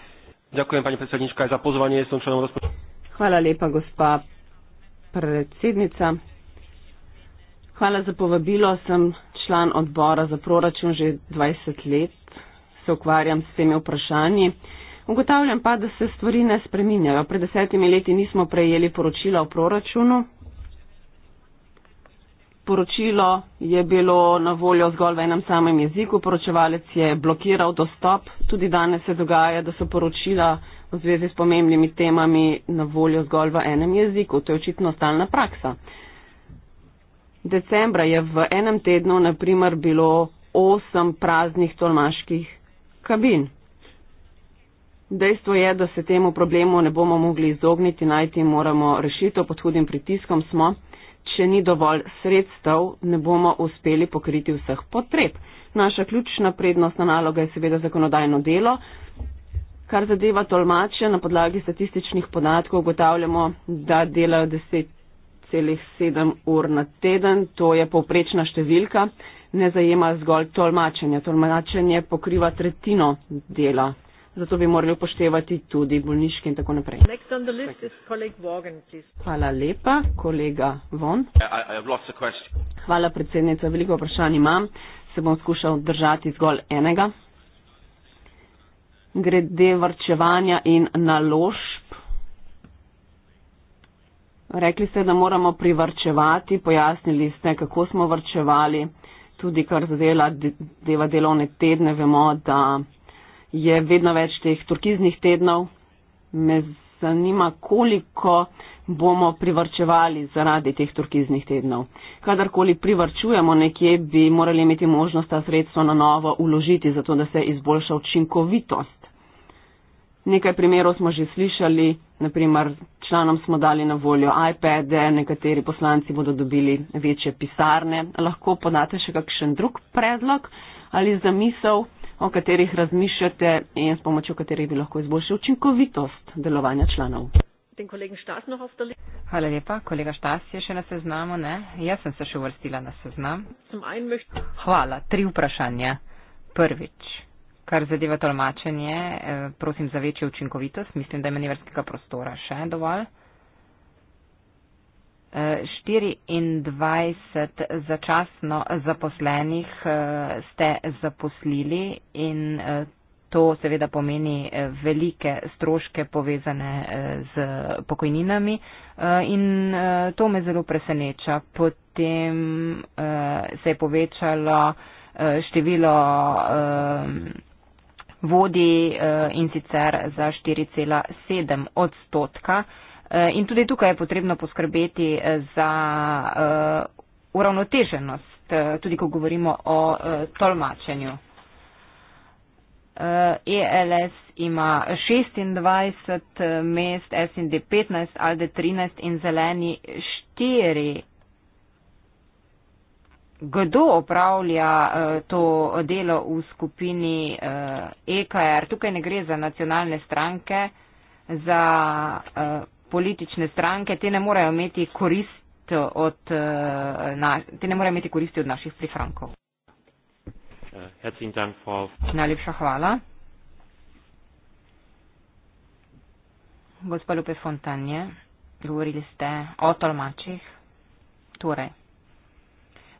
Ďakujem, pani predsedničkaj, za pozvanie. Som členom rozpočtového. Hvala lepa, gospa predsednica. Hvala za povabilo. Sem član odbora za proračun že 20 let, se ukvarjam s temi vprašanji. Ugotavljam pa, da se stvari ne spreminjajo. Pred desetimi leti nismo prejeli poročila o proračunu. Poročilo je bilo na voljo zgolj v enem samem jeziku, poročevalec je blokiral dostop. Tudi danes se dogaja, da so poročila v zvezi s pomembnimi temami na voljo zgolj v enem jeziku. To je očitno stalna praksa. Decembra je v enem tednu naprimer bilo osem praznih tolmaških kabin. Dejstvo je, da se temu problemu ne bomo mogli izogniti, najti moramo rešitev pod hudim pritiskom smo. Če ni dovolj sredstev, ne bomo uspeli pokriti vseh potreb. Naša ključna prednostna naloga je seveda zakonodajno delo. Kar zadeva tolmače, na podlagi statističnih podatkov ugotavljamo, da delajo 10 6,7 ur na teden, to je povprečna številka, ne zajema zgolj tolmačenja. Tolmačenje pokriva tretjino dela, zato bi morali upoštevati tudi bolniške in tako naprej. Wagen, Hvala lepa, kolega Von. Hvala predsednica, veliko vprašanj imam, se bom skušal držati zgolj enega. Grede vrčevanja in naložb Rekli ste, da moramo privrčevati, pojasnili ste, kako smo vrčevali, tudi kar zadeva de, delovne tedne. Vemo, da je vedno več teh turkiznih tednov. Me zanima, koliko bomo privrčevali zaradi teh turkiznih tednov. Kadarkoli privrčujemo nekje, bi morali imeti možnost ta sredstva na novo uložiti, zato da se izboljša učinkovitost. Nekaj primerov smo že slišali, naprimer članom smo dali na voljo iPade, nekateri poslanci bodo dobili večje pisarne. Lahko podate še kakšen drug predlog ali zamisel, o katerih razmišljate in s pomočjo katerih bi lahko izboljšal učinkovitost delovanja članov. Hvala lepa, kolega Štas je še na seznamu, ne? Jaz sem se še uvrstila na seznam. Hvala, tri vprašanja. Prvič kar zadeva tolmačenje, eh, prosim za večjo učinkovitost. Mislim, da je manjverskega prostora še dovolj. 24 eh, začasno zaposlenih eh, ste zaposlili in to seveda pomeni velike stroške povezane z pokojninami in to me zelo preseneča. Potem se je povečalo število vodi eh, in sicer za 4,7 odstotka. Eh, in tudi tukaj je potrebno poskrbeti eh, za uravnoteženost, tudi ko govorimo o tolmačenju. ELS e ima 26 mest, SND 15, ALDE 13 in zeleni 4 kdo opravlja uh, to delo v skupini uh, eh, EKR. Tukaj ne gre za nacionalne stranke, za uh, politične stranke, te ne morejo imeti korist. Od, na, te ne morejo imeti koristi od naših prihrankov. Najlepša hvala. Gospod Lupe Fontanje, govorili ste o tolmačih. Torej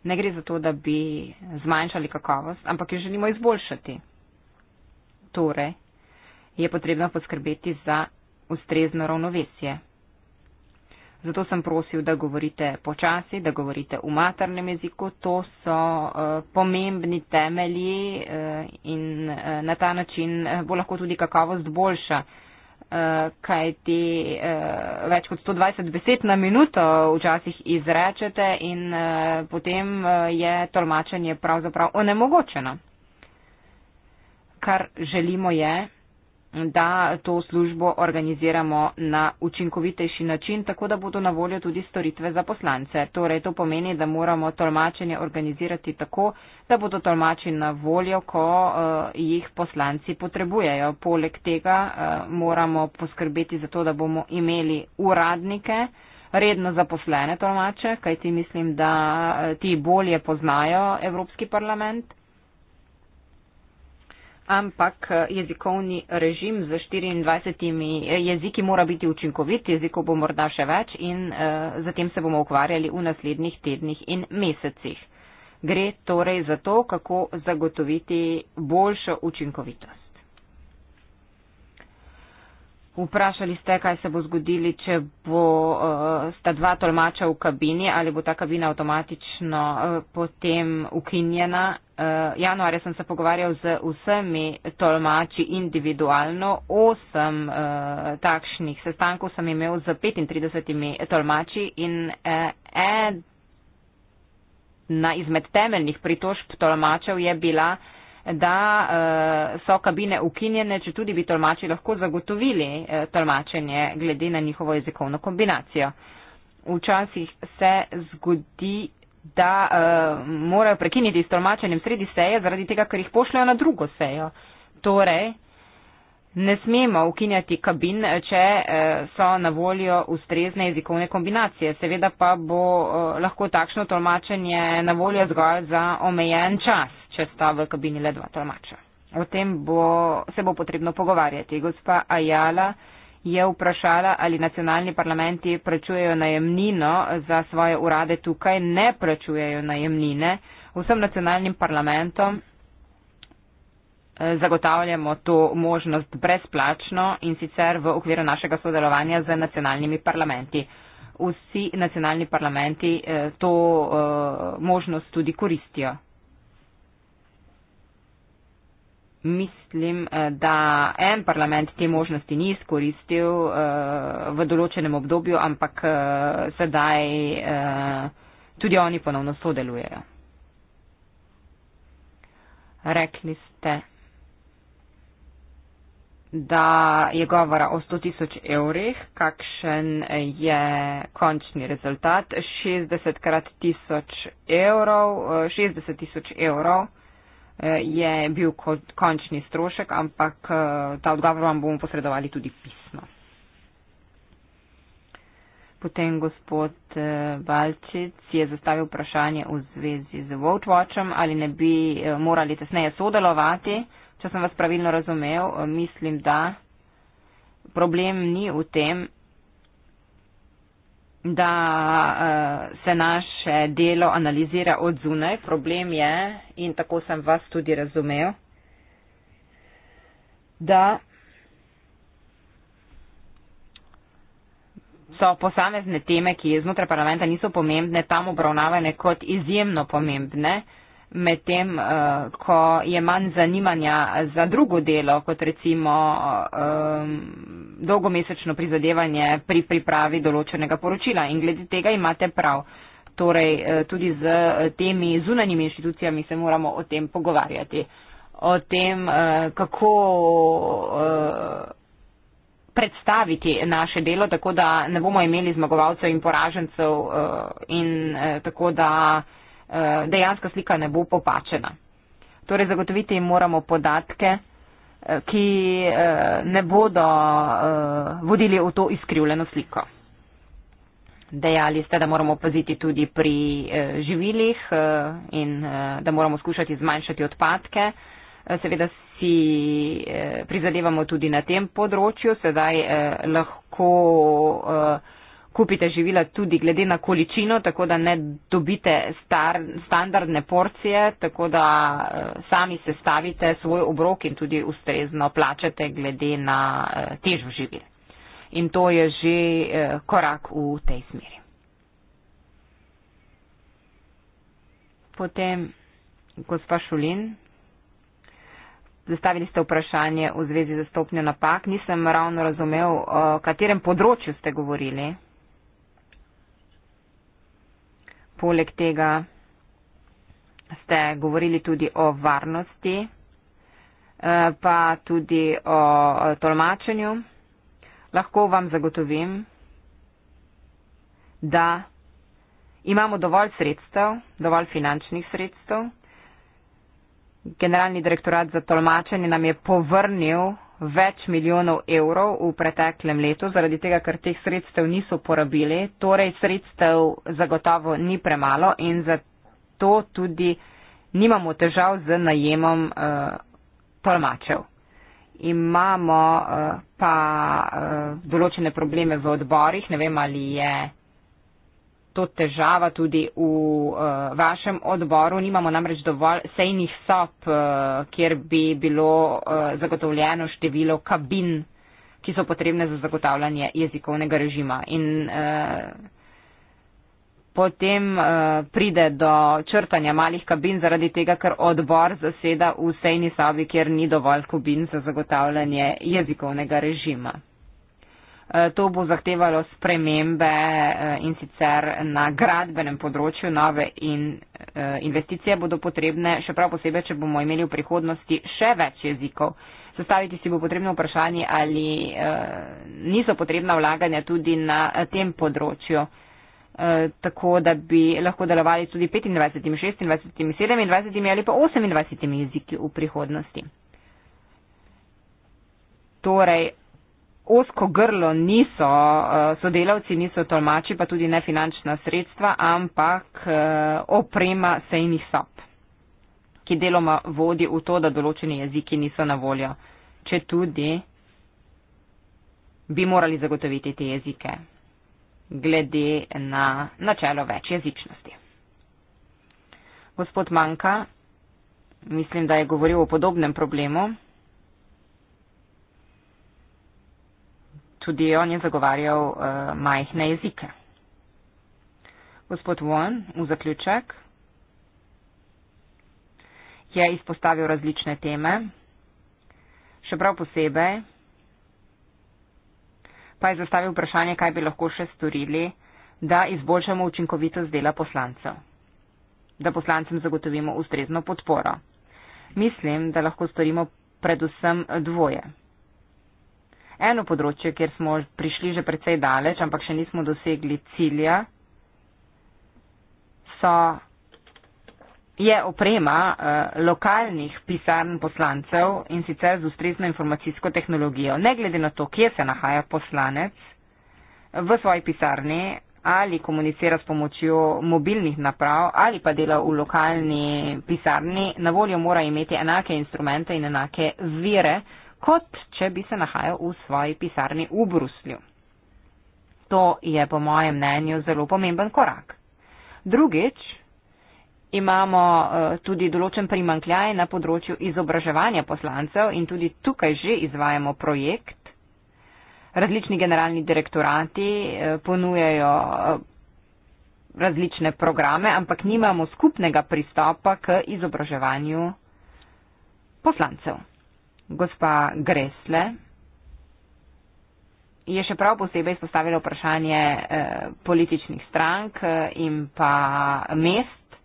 ne gre za to, da bi zmanjšali kakovost, ampak jo želimo izboljšati. Torej, je potrebno poskrbeti za ustrezno ravnovesje. Zato sem prosil, da govorite počasi, da govorite v maternem jeziku. To so uh, pomembni temelji uh, in uh, na ta način bo lahko tudi kakovost boljša. Uh, Eh, kajti eh, več kot 120 besed na minuto včasih izrečete in eh, potem je tolmačenje pravzaprav onemogočeno. Kar želimo je, da to službo organiziramo na učinkovitejši način, tako da bodo na voljo tudi storitve za poslance. Torej, to pomeni, da moramo tolmačenje organizirati tako, da bodo tolmači na voljo, ko uh, jih poslanci potrebujejo. Poleg tega uh, moramo poskrbeti za to, da bomo imeli uradnike, redno zaposlene tolmače, kajti mislim, da uh, ti bolje poznajo Evropski parlament ampak eh, jezikovni režim z 24 eh, jeziki mora biti učinkovit, jezikov bo morda še več in uh, eh, zatem se bomo ukvarjali v naslednjih tednih in mesecih. Gre torej za to, kako zagotoviti boljšo učinkovitost. Vprašali ste, kaj se bo zgodili, če bo uh, sta dva tolmača v kabini ali bo ta kabina avtomatično uh, potem ukinjena. Uh, januarja sem se pogovarjal z vsemi tolmači individualno. Osem uh, takšnih sestankov sem imel z 35 tolmači in uh, ena izmed temeljnih pritožb tolmačev je bila, uh, da uh, so kabine ukinjene, če tudi bi tolmači lahko zagotovili uh, tolmačenje glede na njihovo jezikovno kombinacijo. Včasih se zgodi, da uh, morajo prekiniti s tolmačenjem sredi seje, zaradi tega, ker jih pošljajo na drugo sejo. Torej, ne smemo ukinjati kabin, če uh, so na voljo ustrezne jezikovne kombinacije. Seveda pa bo uh, lahko takšno tolmačenje na voljo zgolj za omejen čas če sta v kabini le dva tolmača. O tem bo, se bo potrebno pogovarjati. Gospa Ajala je vprašala, ali nacionalni parlamenti plačujejo najemnino za svoje urade tukaj, ne plačujejo najemnine. Vsem nacionalnim parlamentom eh, zagotavljamo to možnost brezplačno in sicer v okviru našega sodelovanja z nacionalnimi parlamenti. Vsi nacionalni parlamenti eh, to eh, možnost tudi koristijo. mislim, eh, da en parlament te možnosti ni izkoristil eh, v določenem obdobju, ampak eh, sedaj tudi oni ponovno sodelujejo. Rekli ste, da je govora o 100 tisoč evrih, kakšen je končni rezultat. 60 krat tisoč evrov, 60 tisoč evrov. Eh, je bil končni strošek, ampak eh, ta odgovor vam bomo posredovali tudi pismo. Potem gospod eh, Valčic je zastavil vprašanje v zvezi z Vote Watchem, ali ne bi morali tesneje sodelovati. Če sem vas pravilno razumel, mislim, da problem ni v tem, da eh, se naše delo analizira od zunaj. Problem je, in tako sem vas tudi razumel, da so posamezne teme, ki znotraj parlamenta niso pomembne, tam obravnavane kot izjemno pomembne, medtem eh, ko je manj zanimanja za drugo delo, kot recimo um, dolgomesečno prizadevanje pri pripravi določenega poročila in glede tega imate prav. Torej, eh, tudi z eh, temi zunanjimi inštitucijami se moramo o tem pogovarjati. O tem, eh, kako predstaviti naše delo, tako da ne bomo imeli zmagovalcev in poražencev in tako da dejanska slika ne bo popačena. Torej, zagotoviti jim moramo podatke, Eh, ki eh, ne bodo eh, vodili v to izkrivljeno sliko. Dejali ste, da moramo paziti tudi pri živilih in da moramo skušati zmanjšati odpadke. Seveda si prizadevamo tudi na tem področju, sedaj lahko kupite živila tudi glede na količino, tako da ne dobite star, standardne porcije, tako da uh, sami sestavite svoj obrok in tudi ustrezno plačate glede na uh, težo živil. In to je že uh, korak v tej smeri. Potem gospa Šulin. Zastavili ste vprašanje v zvezi z stopnjo napak. Nisem ravno razumel, o katerem področju ste govorili. poleg tega ste govorili tudi o varnosti, eh, pa tudi o tolmačenju. Lahko vam zagotovim, da imamo dovolj sredstev, dovolj finančnih sredstev. Generalni direktorat za tolmačenje nam je povrnil več milijonov evrov v preteklem letu, zaradi tega, ker teh sredstev niso porabili. Torej, sredstev zagotovo ni premalo in zato tudi nimamo težav z najemom uh, tolmačev. Imamo uh, pa uh, določene probleme v odborih, ne vem ali je to težava tudi v uh, vašem odboru. Nimamo namreč dovolj sejnih sob, uh, kjer bi bilo uh, zagotovljeno število kabin, ki so potrebne za zagotavljanje jezikovnega režima. In uh, potem uh, pride do črtanja malih kabin zaradi tega, ker odbor zaseda v sejni sobi, kjer ni dovolj kabin za zagotavljanje jezikovnega režima. Eh, to bo zahtevalo spremembe eh, in sicer na gradbenem področju nove in eh, investicije bodo potrebne, še prav posebej, če bomo imeli v prihodnosti še več jezikov. Zastaviti si bo potrebno vprašanje, ali niso potrebna vlaganja tudi na tem področju, tako da bi lahko delovali tudi 25, 26, 27 ali pa 28 jeziki v prihodnosti. Torej, osko grlo niso eh, sodelavci, niso tolmači, pa tudi ne finančna sredstva, ampak eh, oprema sejnih sob, ki deloma vodi v to, da določeni jeziki niso na voljo, če tudi bi morali zagotoviti te jezike glede na načelo večjezičnosti. Gospod Manka, mislim, da je govoril o podobnem problemu. tudi on je zagovarjal uh, majhne jezike. Gospod Won, v zaključek, je izpostavil različne teme, še prav posebej pa je zastavil vprašanje, kaj bi lahko še storili, da izboljšamo učinkovitost dela poslancev, da poslancem zagotovimo ustrezno podporo. Mislim, da lahko storimo predvsem dvoje eno področje, kjer smo prišli že precej daleč, ampak še nismo dosegli cilja, so, je oprema eh, lokalnih pisarn poslancev in sicer z ustrezno informacijsko tehnologijo. Ne glede na to, kje se nahaja poslanec v svoji pisarni ali komunicira s pomočjo mobilnih naprav ali pa dela v lokalni pisarni, na voljo mora imeti enake instrumente in enake vire, kot če bi se nahajal v svoji pisarni v Bruslju. To je po mojem mnenju zelo pomemben korak. Drugič, imamo eh, tudi določen primankljaj na področju izobraževanja poslancev in tudi tukaj že izvajamo projekt. Različni generalni direktorati eh, ponujajo eh, različne programe, ampak nimamo skupnega pristopa k izobraževanju poslancev gospa Gresle je še prav posebej izpostavila vprašanje eh, političnih strank eh, in pa mest.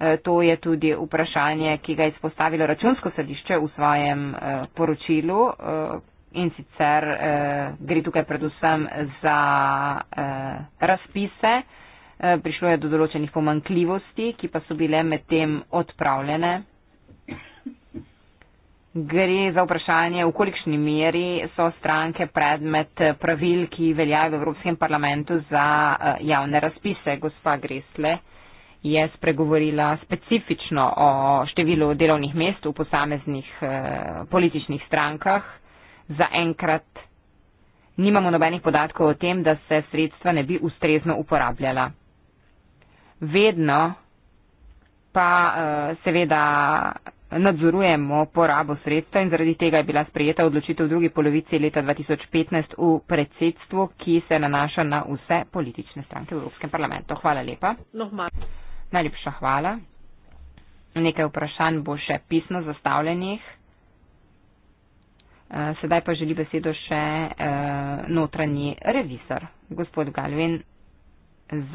Eh, to je tudi vprašanje, ki ga je izpostavilo računsko sodišče v svojem poročilu in sicer gre tukaj predvsem za razpise. Prišlo je do določenih pomankljivosti, ki pa so bile medtem odpravljene. Gre za vprašanje, v kolikšni meri so stranke predmet pravil, ki veljajo v Evropskem parlamentu za eh, javne razpise. Gospa Gresle je spregovorila specifično o številu delovnih mest v posameznih eh, političnih strankah. Zaenkrat nimamo nobenih podatkov o tem, da se sredstva ne bi ustrezno uporabljala. Vedno pa eh, seveda nadzorujemo porabo sredstva in zaradi tega je bila sprejeta odločitev v drugi polovici leta 2015 v predsedstvu, ki se nanaša na vse politične stranke v Evropskem parlamentu. Hvala lepa. Nohmar. Najlepša hvala. Nekaj vprašanj bo še pisno zastavljenih. Eh, sedaj pa želi besedo še eh, notranji revisor, gospod Galvin z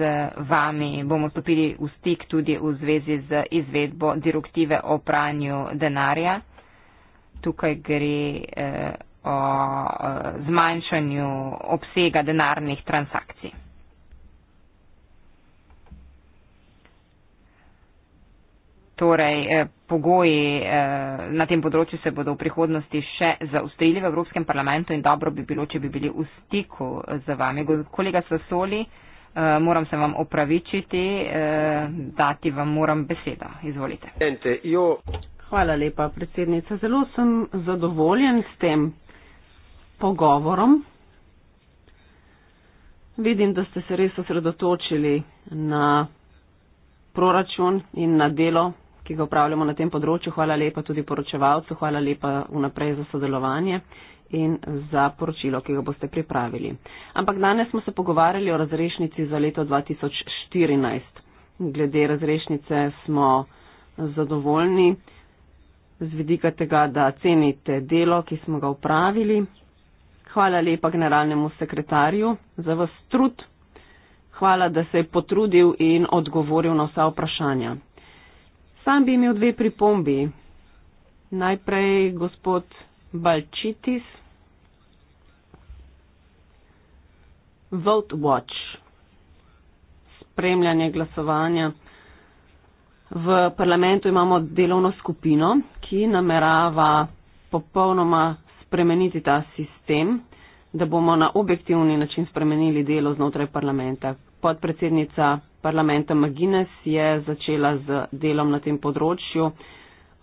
vami bomo stopili v stik tudi v zvezi z izvedbo direktive o pranju denarja. Tukaj gre eh, o eh, zmanjšanju obsega denarnih transakcij. Torej, eh, pogoji eh, na tem področju se bodo v prihodnosti še zaustrili v Evropskem parlamentu in dobro bi bilo, če bi bili v stiku z vami. Kolega Sasoli, eh, Eh, moram se vam opravičiti, uh, dati vam moram besedo. Izvolite. Hvala lepa, predsednica. Zelo sem zadovoljen s tem pogovorom. Vidim, da ste se res osredotočili na proračun in na delo, ki ga upravljamo na tem področju. Hvala lepa tudi poročevalcu, hvala lepa vnaprej za sodelovanje. Uh, in za poročilo, ki ga boste pripravili. Ampak danes smo se pogovarjali o razrešnici za leto 2014. Glede razrešnice smo zadovoljni z vidika tega, da cenite delo, ki smo ga upravili. Hvala lepa generalnemu sekretarju za vas trud. Hvala, da se je potrudil in odgovoril na vsa vprašanja. Sam bi imel dve pripombi. Najprej gospod Balčitis. Vote Watch, spremljanje glasovanja. V parlamentu imamo delovno skupino, ki namerava popolnoma spremeniti ta sistem, da bomo na objektivni način spremenili delo znotraj parlamenta. Podpredsednica parlamenta Magines je začela z delom na tem področju.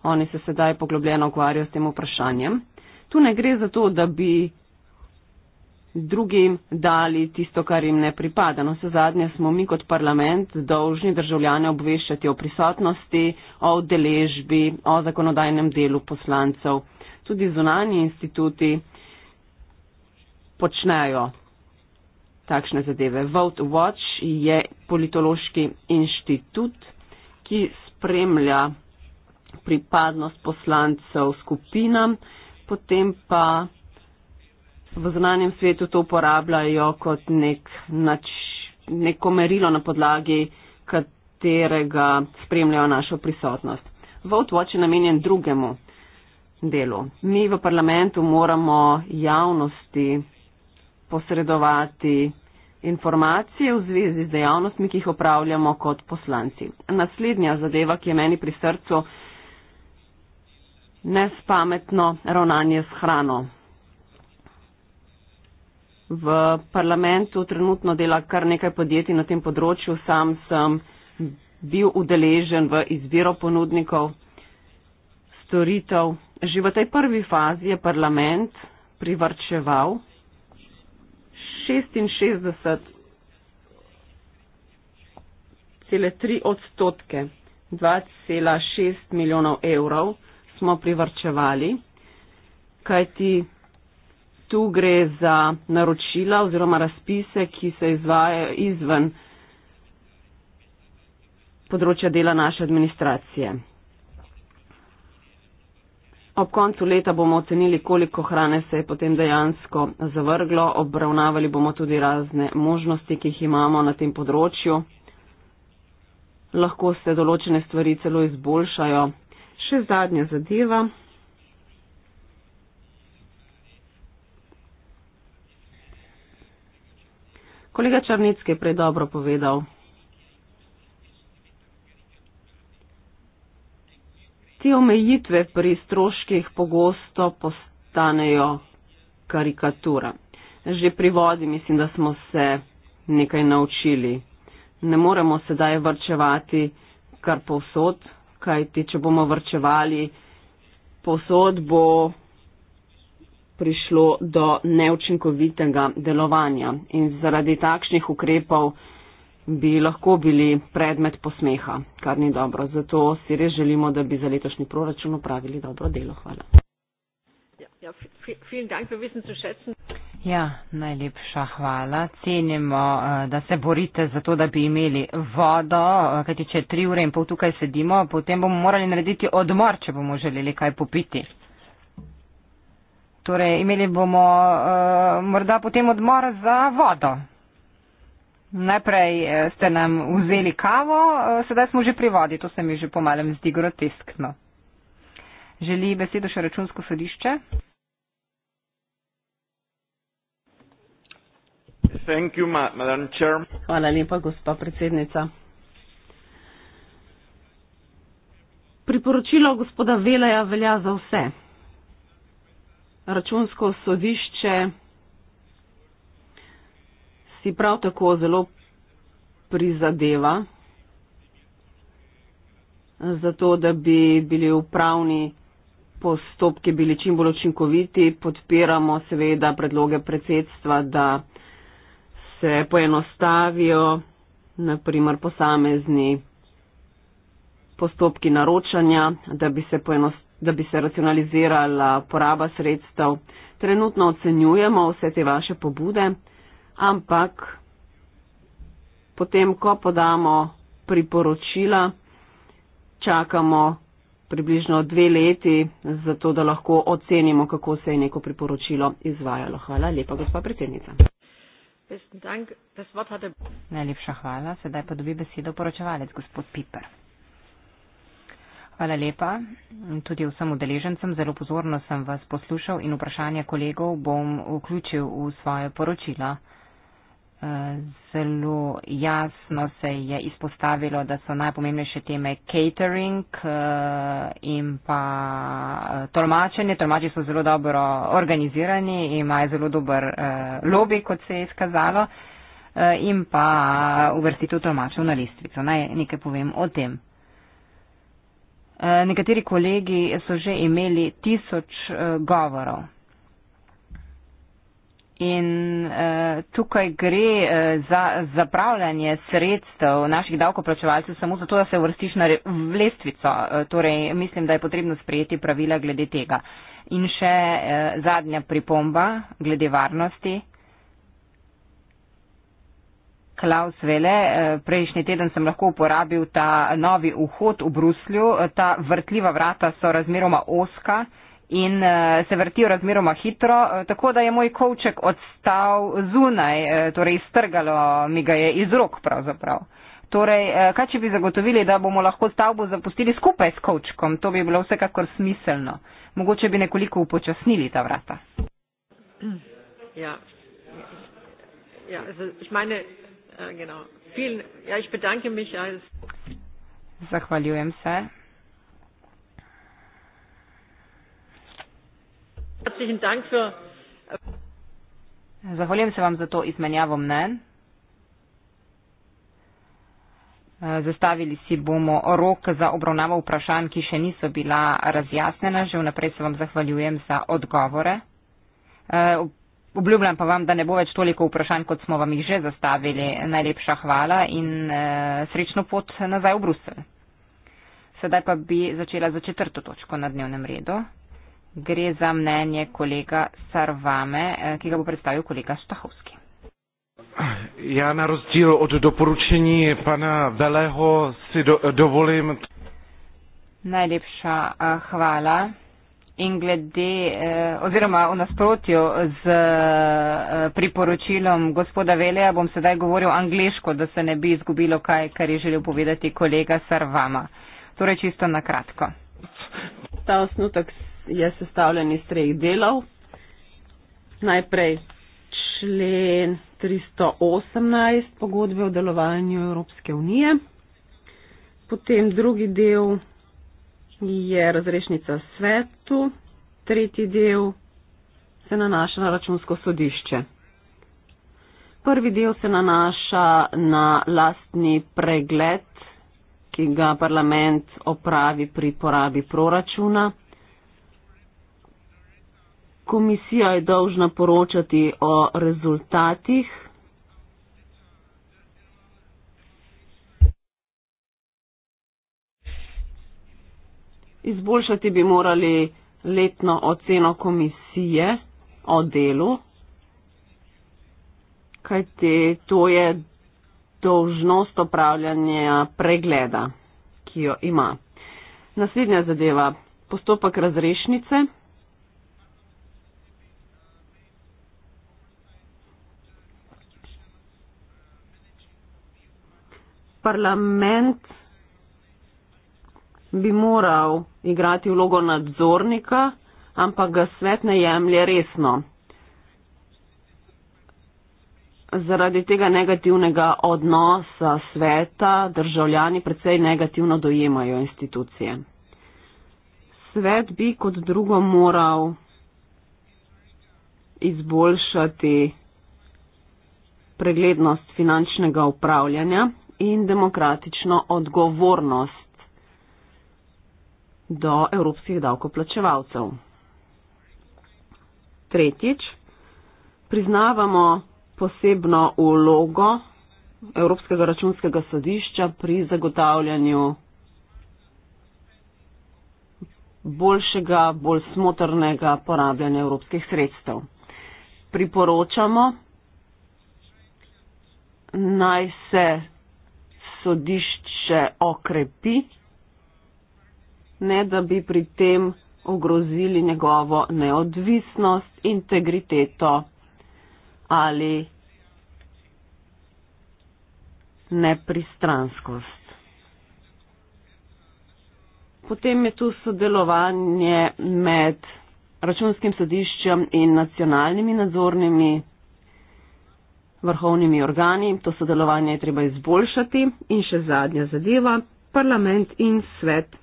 Oni se sedaj poglobljeno ukvarjajo s tem vprašanjem. Tu ne gre za to, da bi drugim dali tisto, kar jim ne pripada. No, vse zadnje smo mi kot parlament dolžni državljane obveščati o prisotnosti, o deležbi, o zakonodajnem delu poslancev. Tudi zunani instituti počnejo takšne zadeve. Vote Watch je politološki inštitut, ki spremlja pripadnost poslancev skupinam, potem pa v zunanjem svetu to uporabljajo kot nek, nač, neko merilo na podlagi katerega spremljajo našo prisotnost. Vote Watch je namenjen drugemu delu. Mi v parlamentu moramo javnosti posredovati informacije v zvezi z dejavnostmi, ki jih opravljamo kot poslanci. Naslednja zadeva, ki je meni pri srcu, nespametno ravnanje s hrano. V parlamentu trenutno dela kar nekaj podjetij na tem področju. Sam sem bil udeležen v izbiro ponudnikov storitev. Že v tej prvi fazi je parlament privrčeval 66,3 odstotke, 2,6 milijonov evrov smo privrčevali, kajti Tu gre za naročila oziroma razpise, ki se izvajajo izven področja dela naše administracije. Ob koncu leta bomo ocenili, koliko hrane se je potem dejansko zavrglo. Obravnavali bomo tudi razne možnosti, ki jih imamo na tem področju. Lahko se določene stvari celo izboljšajo. Še zadnja zadeva. Kolega Črnitski je prej dobro povedal. Te omejitve pri stroških pogosto postanejo karikatura. Že pri vodi mislim, da smo se nekaj naučili. Ne moremo sedaj vrčevati kar povsod, kajti če bomo vrčevali povsod, bo prišlo do neučinkovitega delovanja in zaradi takšnih ukrepov bi lahko bili predmet posmeha, kar ni dobro. Zato si res želimo, da bi za letošnji proračun upravili dobro delo. Hvala. Ja, ja, ja najlepša hvala. Cenimo, eh, da se borite za to, da bi imeli vodo, eh, kajti če tri ure in pol tukaj sedimo, potem bomo morali narediti odmor, če bomo želeli kaj popiti torej imeli bomo uh, morda potem odmor za vodo. Najprej eh, ste nam vzeli kavo, uh, sedaj smo že pri vodi, to se mi že pomalem zdi groteskno. Želi besedo še računsko sodišče? You, Hvala lepa, gospod predsednica. Priporočilo gospoda Velaja velja za vse računsko sodišče si prav tako zelo prizadeva za to, da bi bili upravni postopki bili čim bolj učinkoviti. Podpiramo seveda predloge predsedstva, da se poenostavijo naprimer posamezni postopki naročanja, da bi se poenostavili da bi se racionalizirala poraba sredstev. Trenutno ocenjujemo vse te vaše pobude, ampak potem, ko podamo priporočila, čakamo približno dve leti, zato da lahko ocenimo, kako se je neko priporočilo izvajalo. Hvala lepa, gospa predsednica. Najlepša hvala. Sedaj pa dobi besedo poročevalec, gospod Piper. Hvala lepa. Tudi vsem udeležencem zelo pozorno sem vas poslušal in vprašanje kolegov bom vključil v svoje poročila. Eh, zelo jasno se je izpostavilo, da so najpomembnejše teme catering eh, in pa eh, tolmačenje. Tolmači so zelo dobro organizirani, imajo zelo dober lobby, kot se je izkazalo, in pa uvrstitev tolmačev na listvico. Naj nekaj povem o tem. Eh, nekateri kolegi so že imeli tisoč eh, govorov. In eh, tukaj gre eh, za zapravljanje sredstev naših davkoplačevalcev samo zato, da se vrstiš na lestvico. Eh, torej, mislim, da je potrebno sprejeti pravila glede tega. In še eh, zadnja pripomba glede varnosti. Eh, Klaus Vele, eh, prejšnji teden sem lahko uporabil ta novi vhod v Bruslju. Ta vrtljiva vrata so razmeroma oska in eh, se vrtijo razmeroma hitro, eh, tako da je moj kovček odstal zunaj, torej iztrgalo mi ga je iz rok pravzaprav. Torej, kaj če bi zagotovili, da bomo lahko stavbo zapustili skupaj s kovčkom, to bi bilo vsekakor smiselno. Mogoče bi nekoliko upočasnili ta vrata. Ja. Ja, ich meine, Äh, genau. Vielen, ja, ich bedanke mich als. Zahvaljujem se. Herzlichen Dank für. Zahvaljujem se vam za to izmenjavo mnen. Äh, zastavili si bomo rok za obravnavo vprašanj, ki še niso bila razjasnjena. Že vnaprej se vam zahvaljujem za odgovore. Äh, Obljubljam pa vam, da ne bo več toliko vprašanj, kot smo vam jih že zastavili. Najlepša hvala in e, srečno pot nazaj v Bruselj. Sedaj pa bi začela za četrto točko na dnevnem redu. Gre za mnenje kolega Sarvame, eh, ki ga bo predstavil kolega Štahovski. Ja, na rozdíl od doporučení pana Veleho si do, dovolím. Najlepša eh, hvala in glede eh, oziroma v nasprotju z eh, priporočilom gospoda Veleja bom sedaj govoril angliško, da se ne bi izgubilo kaj, kar je želel povedati kolega Sarvama. Torej čisto na kratko. Ta osnutek je sestavljen iz treh delov. Najprej člen 318 pogodbe o delovanju Evropske unije, potem drugi del je razrešnica svetu, tretji del se nanaša na računsko sodišče. Prvi del se nanaša na lastni pregled, ki ga parlament opravi pri porabi proračuna. Komisija je dolžna poročati o rezultatih izboljšati bi morali letno oceno komisije o delu, kajti to je dolžnost opravljanja pregleda, ki jo ima. Naslednja zadeva, postopek razrešnice. Parlament bi moral igrati vlogo nadzornika, ampak ga svet ne jemlje resno zaradi tega negativnega odnosa sveta državljani precej negativno dojemajo institucije. Svet bi kot drugo moral izboljšati preglednost finančnega upravljanja in demokratično odgovornost do evropskih davkoplačevalcev. Tretjič, priznavamo posebno ulogo Evropskega računskega sodišča pri zagotavljanju boljšega, bolj smotrnega porabljanja evropskih sredstev. Priporočamo, naj se sodišče okrepi ne da bi pri tem ogrozili njegovo neodvisnost, integriteto ali nepristranskost. Potem je tu sodelovanje med računskim sodiščem in nacionalnimi nadzornimi vrhovnimi organi. To sodelovanje je treba izboljšati. In še zadnja zadeva, parlament in svet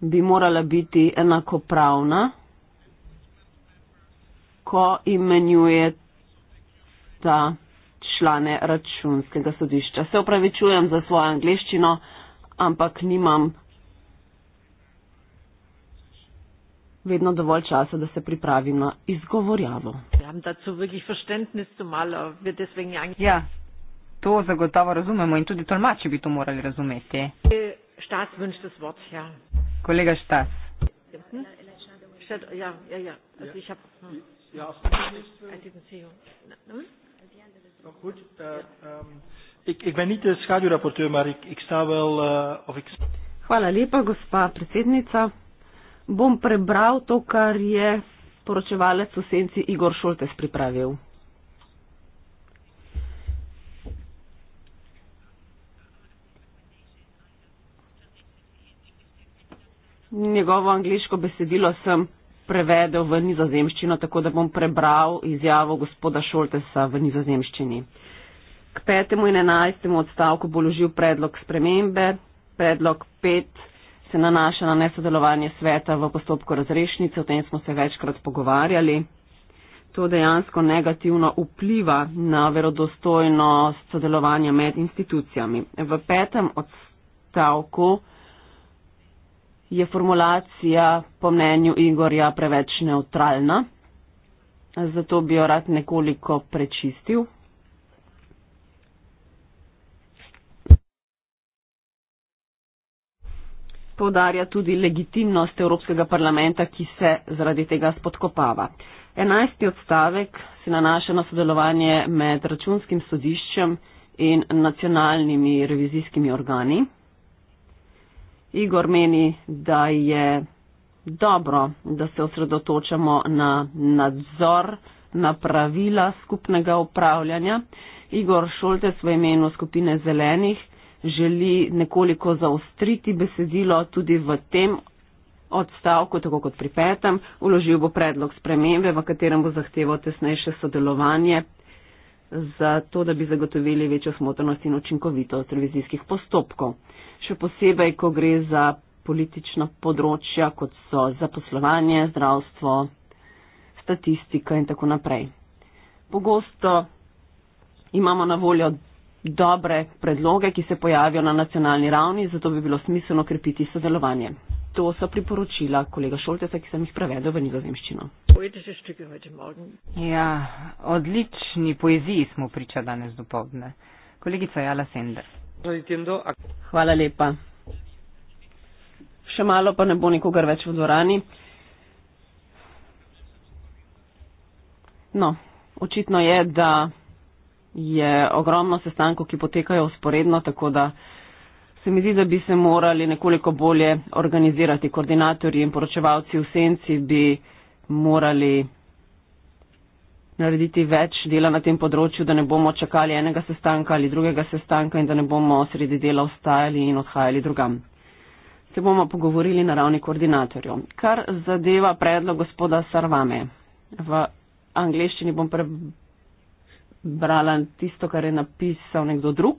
bi morala biti enakopravna, ko imenjuje ta člane računskega sodišča. Se upravičujem za svojo angliščino, ampak nimam vedno dovolj časa, da se pripravim na izgovorjavo. Ja, ja, to zagotovo razumemo in tudi tolmači bi to morali razumeti. Staatsmünster Wort, ja. Kollege Stas. Ja, ja, ja. hm. hm? ähm, äh, Hvala lepa, gospa predsednica. Bom prebral to, kar je poročevalec v senci Igor Šoltes pripravil. njegovo angliško besedilo sem prevedel v nizozemščino, tako da bom prebral izjavo gospoda Šoltesa v nizozemščini. K 5. in 11. odstavku bo ložil predlog spremembe. Predlog 5 se nanaša na nesodelovanje sveta v postopku razrešnice, o tem smo se večkrat pogovarjali. To dejansko negativno vpliva na verodostojnost sodelovanja med institucijami. V petem odstavku je formulacija po mnenju Igorja preveč neutralna, zato bi jo rad nekoliko prečistil. Povdarja tudi legitimnost Evropskega parlamenta, ki se zaradi tega spodkopava. Enajsti odstavek se nanaša na sodelovanje med računskim sodiščem in nacionalnimi revizijskimi organi. Igor meni, da je dobro, da se osredotočamo na nadzor, na pravila skupnega upravljanja. Igor Šoltes v imenu skupine zelenih želi nekoliko zaostriti besedilo tudi v tem odstavku, tako kot pri petem. Uložil bo predlog spremembe, v katerem bo zahteval tesnejše sodelovanje za to, da bi zagotovili večjo smotrnost in učinkovitost revizijskih postopkov še posebej, ko gre za politična področja, kot so zaposlovanje, zdravstvo, statistika in tako naprej. Pogosto imamo na voljo dobre predloge, ki se pojavijo na nacionalni ravni, zato bi bilo smiselno krepiti sodelovanje. To so priporočila kolega Šolteca, ki sem jih prevedel v nizozemščino. Ja, odlični poeziji smo priča danes dopoledne. Kolegica Jala Sender. Hvala lepa. Še malo pa ne bo nikogar več v dvorani. No, očitno je, da je ogromno sestankov, ki potekajo usporedno, tako da se mi zdi, da bi se morali nekoliko bolje organizirati. Koordinatorji in poročevalci v senci bi morali narediti več dela na tem področju, da ne bomo čakali enega sestanka ali drugega sestanka in da ne bomo sredi dela ostajali in odhajali drugam. Se bomo pogovorili na ravni koordinatorjev. Kar zadeva predlog gospoda Sarvame. V angleščini bom prebrala tisto, kar je napisal nekdo drug.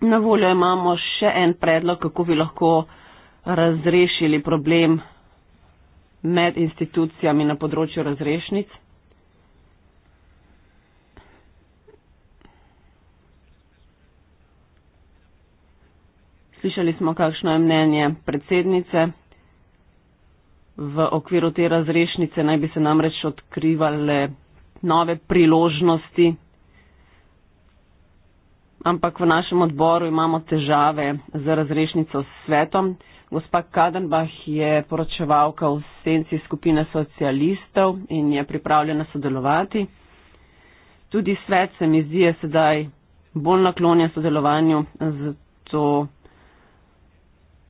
na voljo imamo še en predlog, kako bi lahko razrešili problem med institucijami na področju razrešnic. Slišali smo, kakšno je mnenje predsednice. V okviru te razrešnice naj bi se namreč odkrivale nove priložnosti ampak v našem odboru imamo težave z razrešnico s svetom. Gospa Kadenbach je poročevalka v senci skupine socialistov in je pripravljena sodelovati. Tudi svet se mi zdi sedaj bolj naklonjen sodelovanju, zato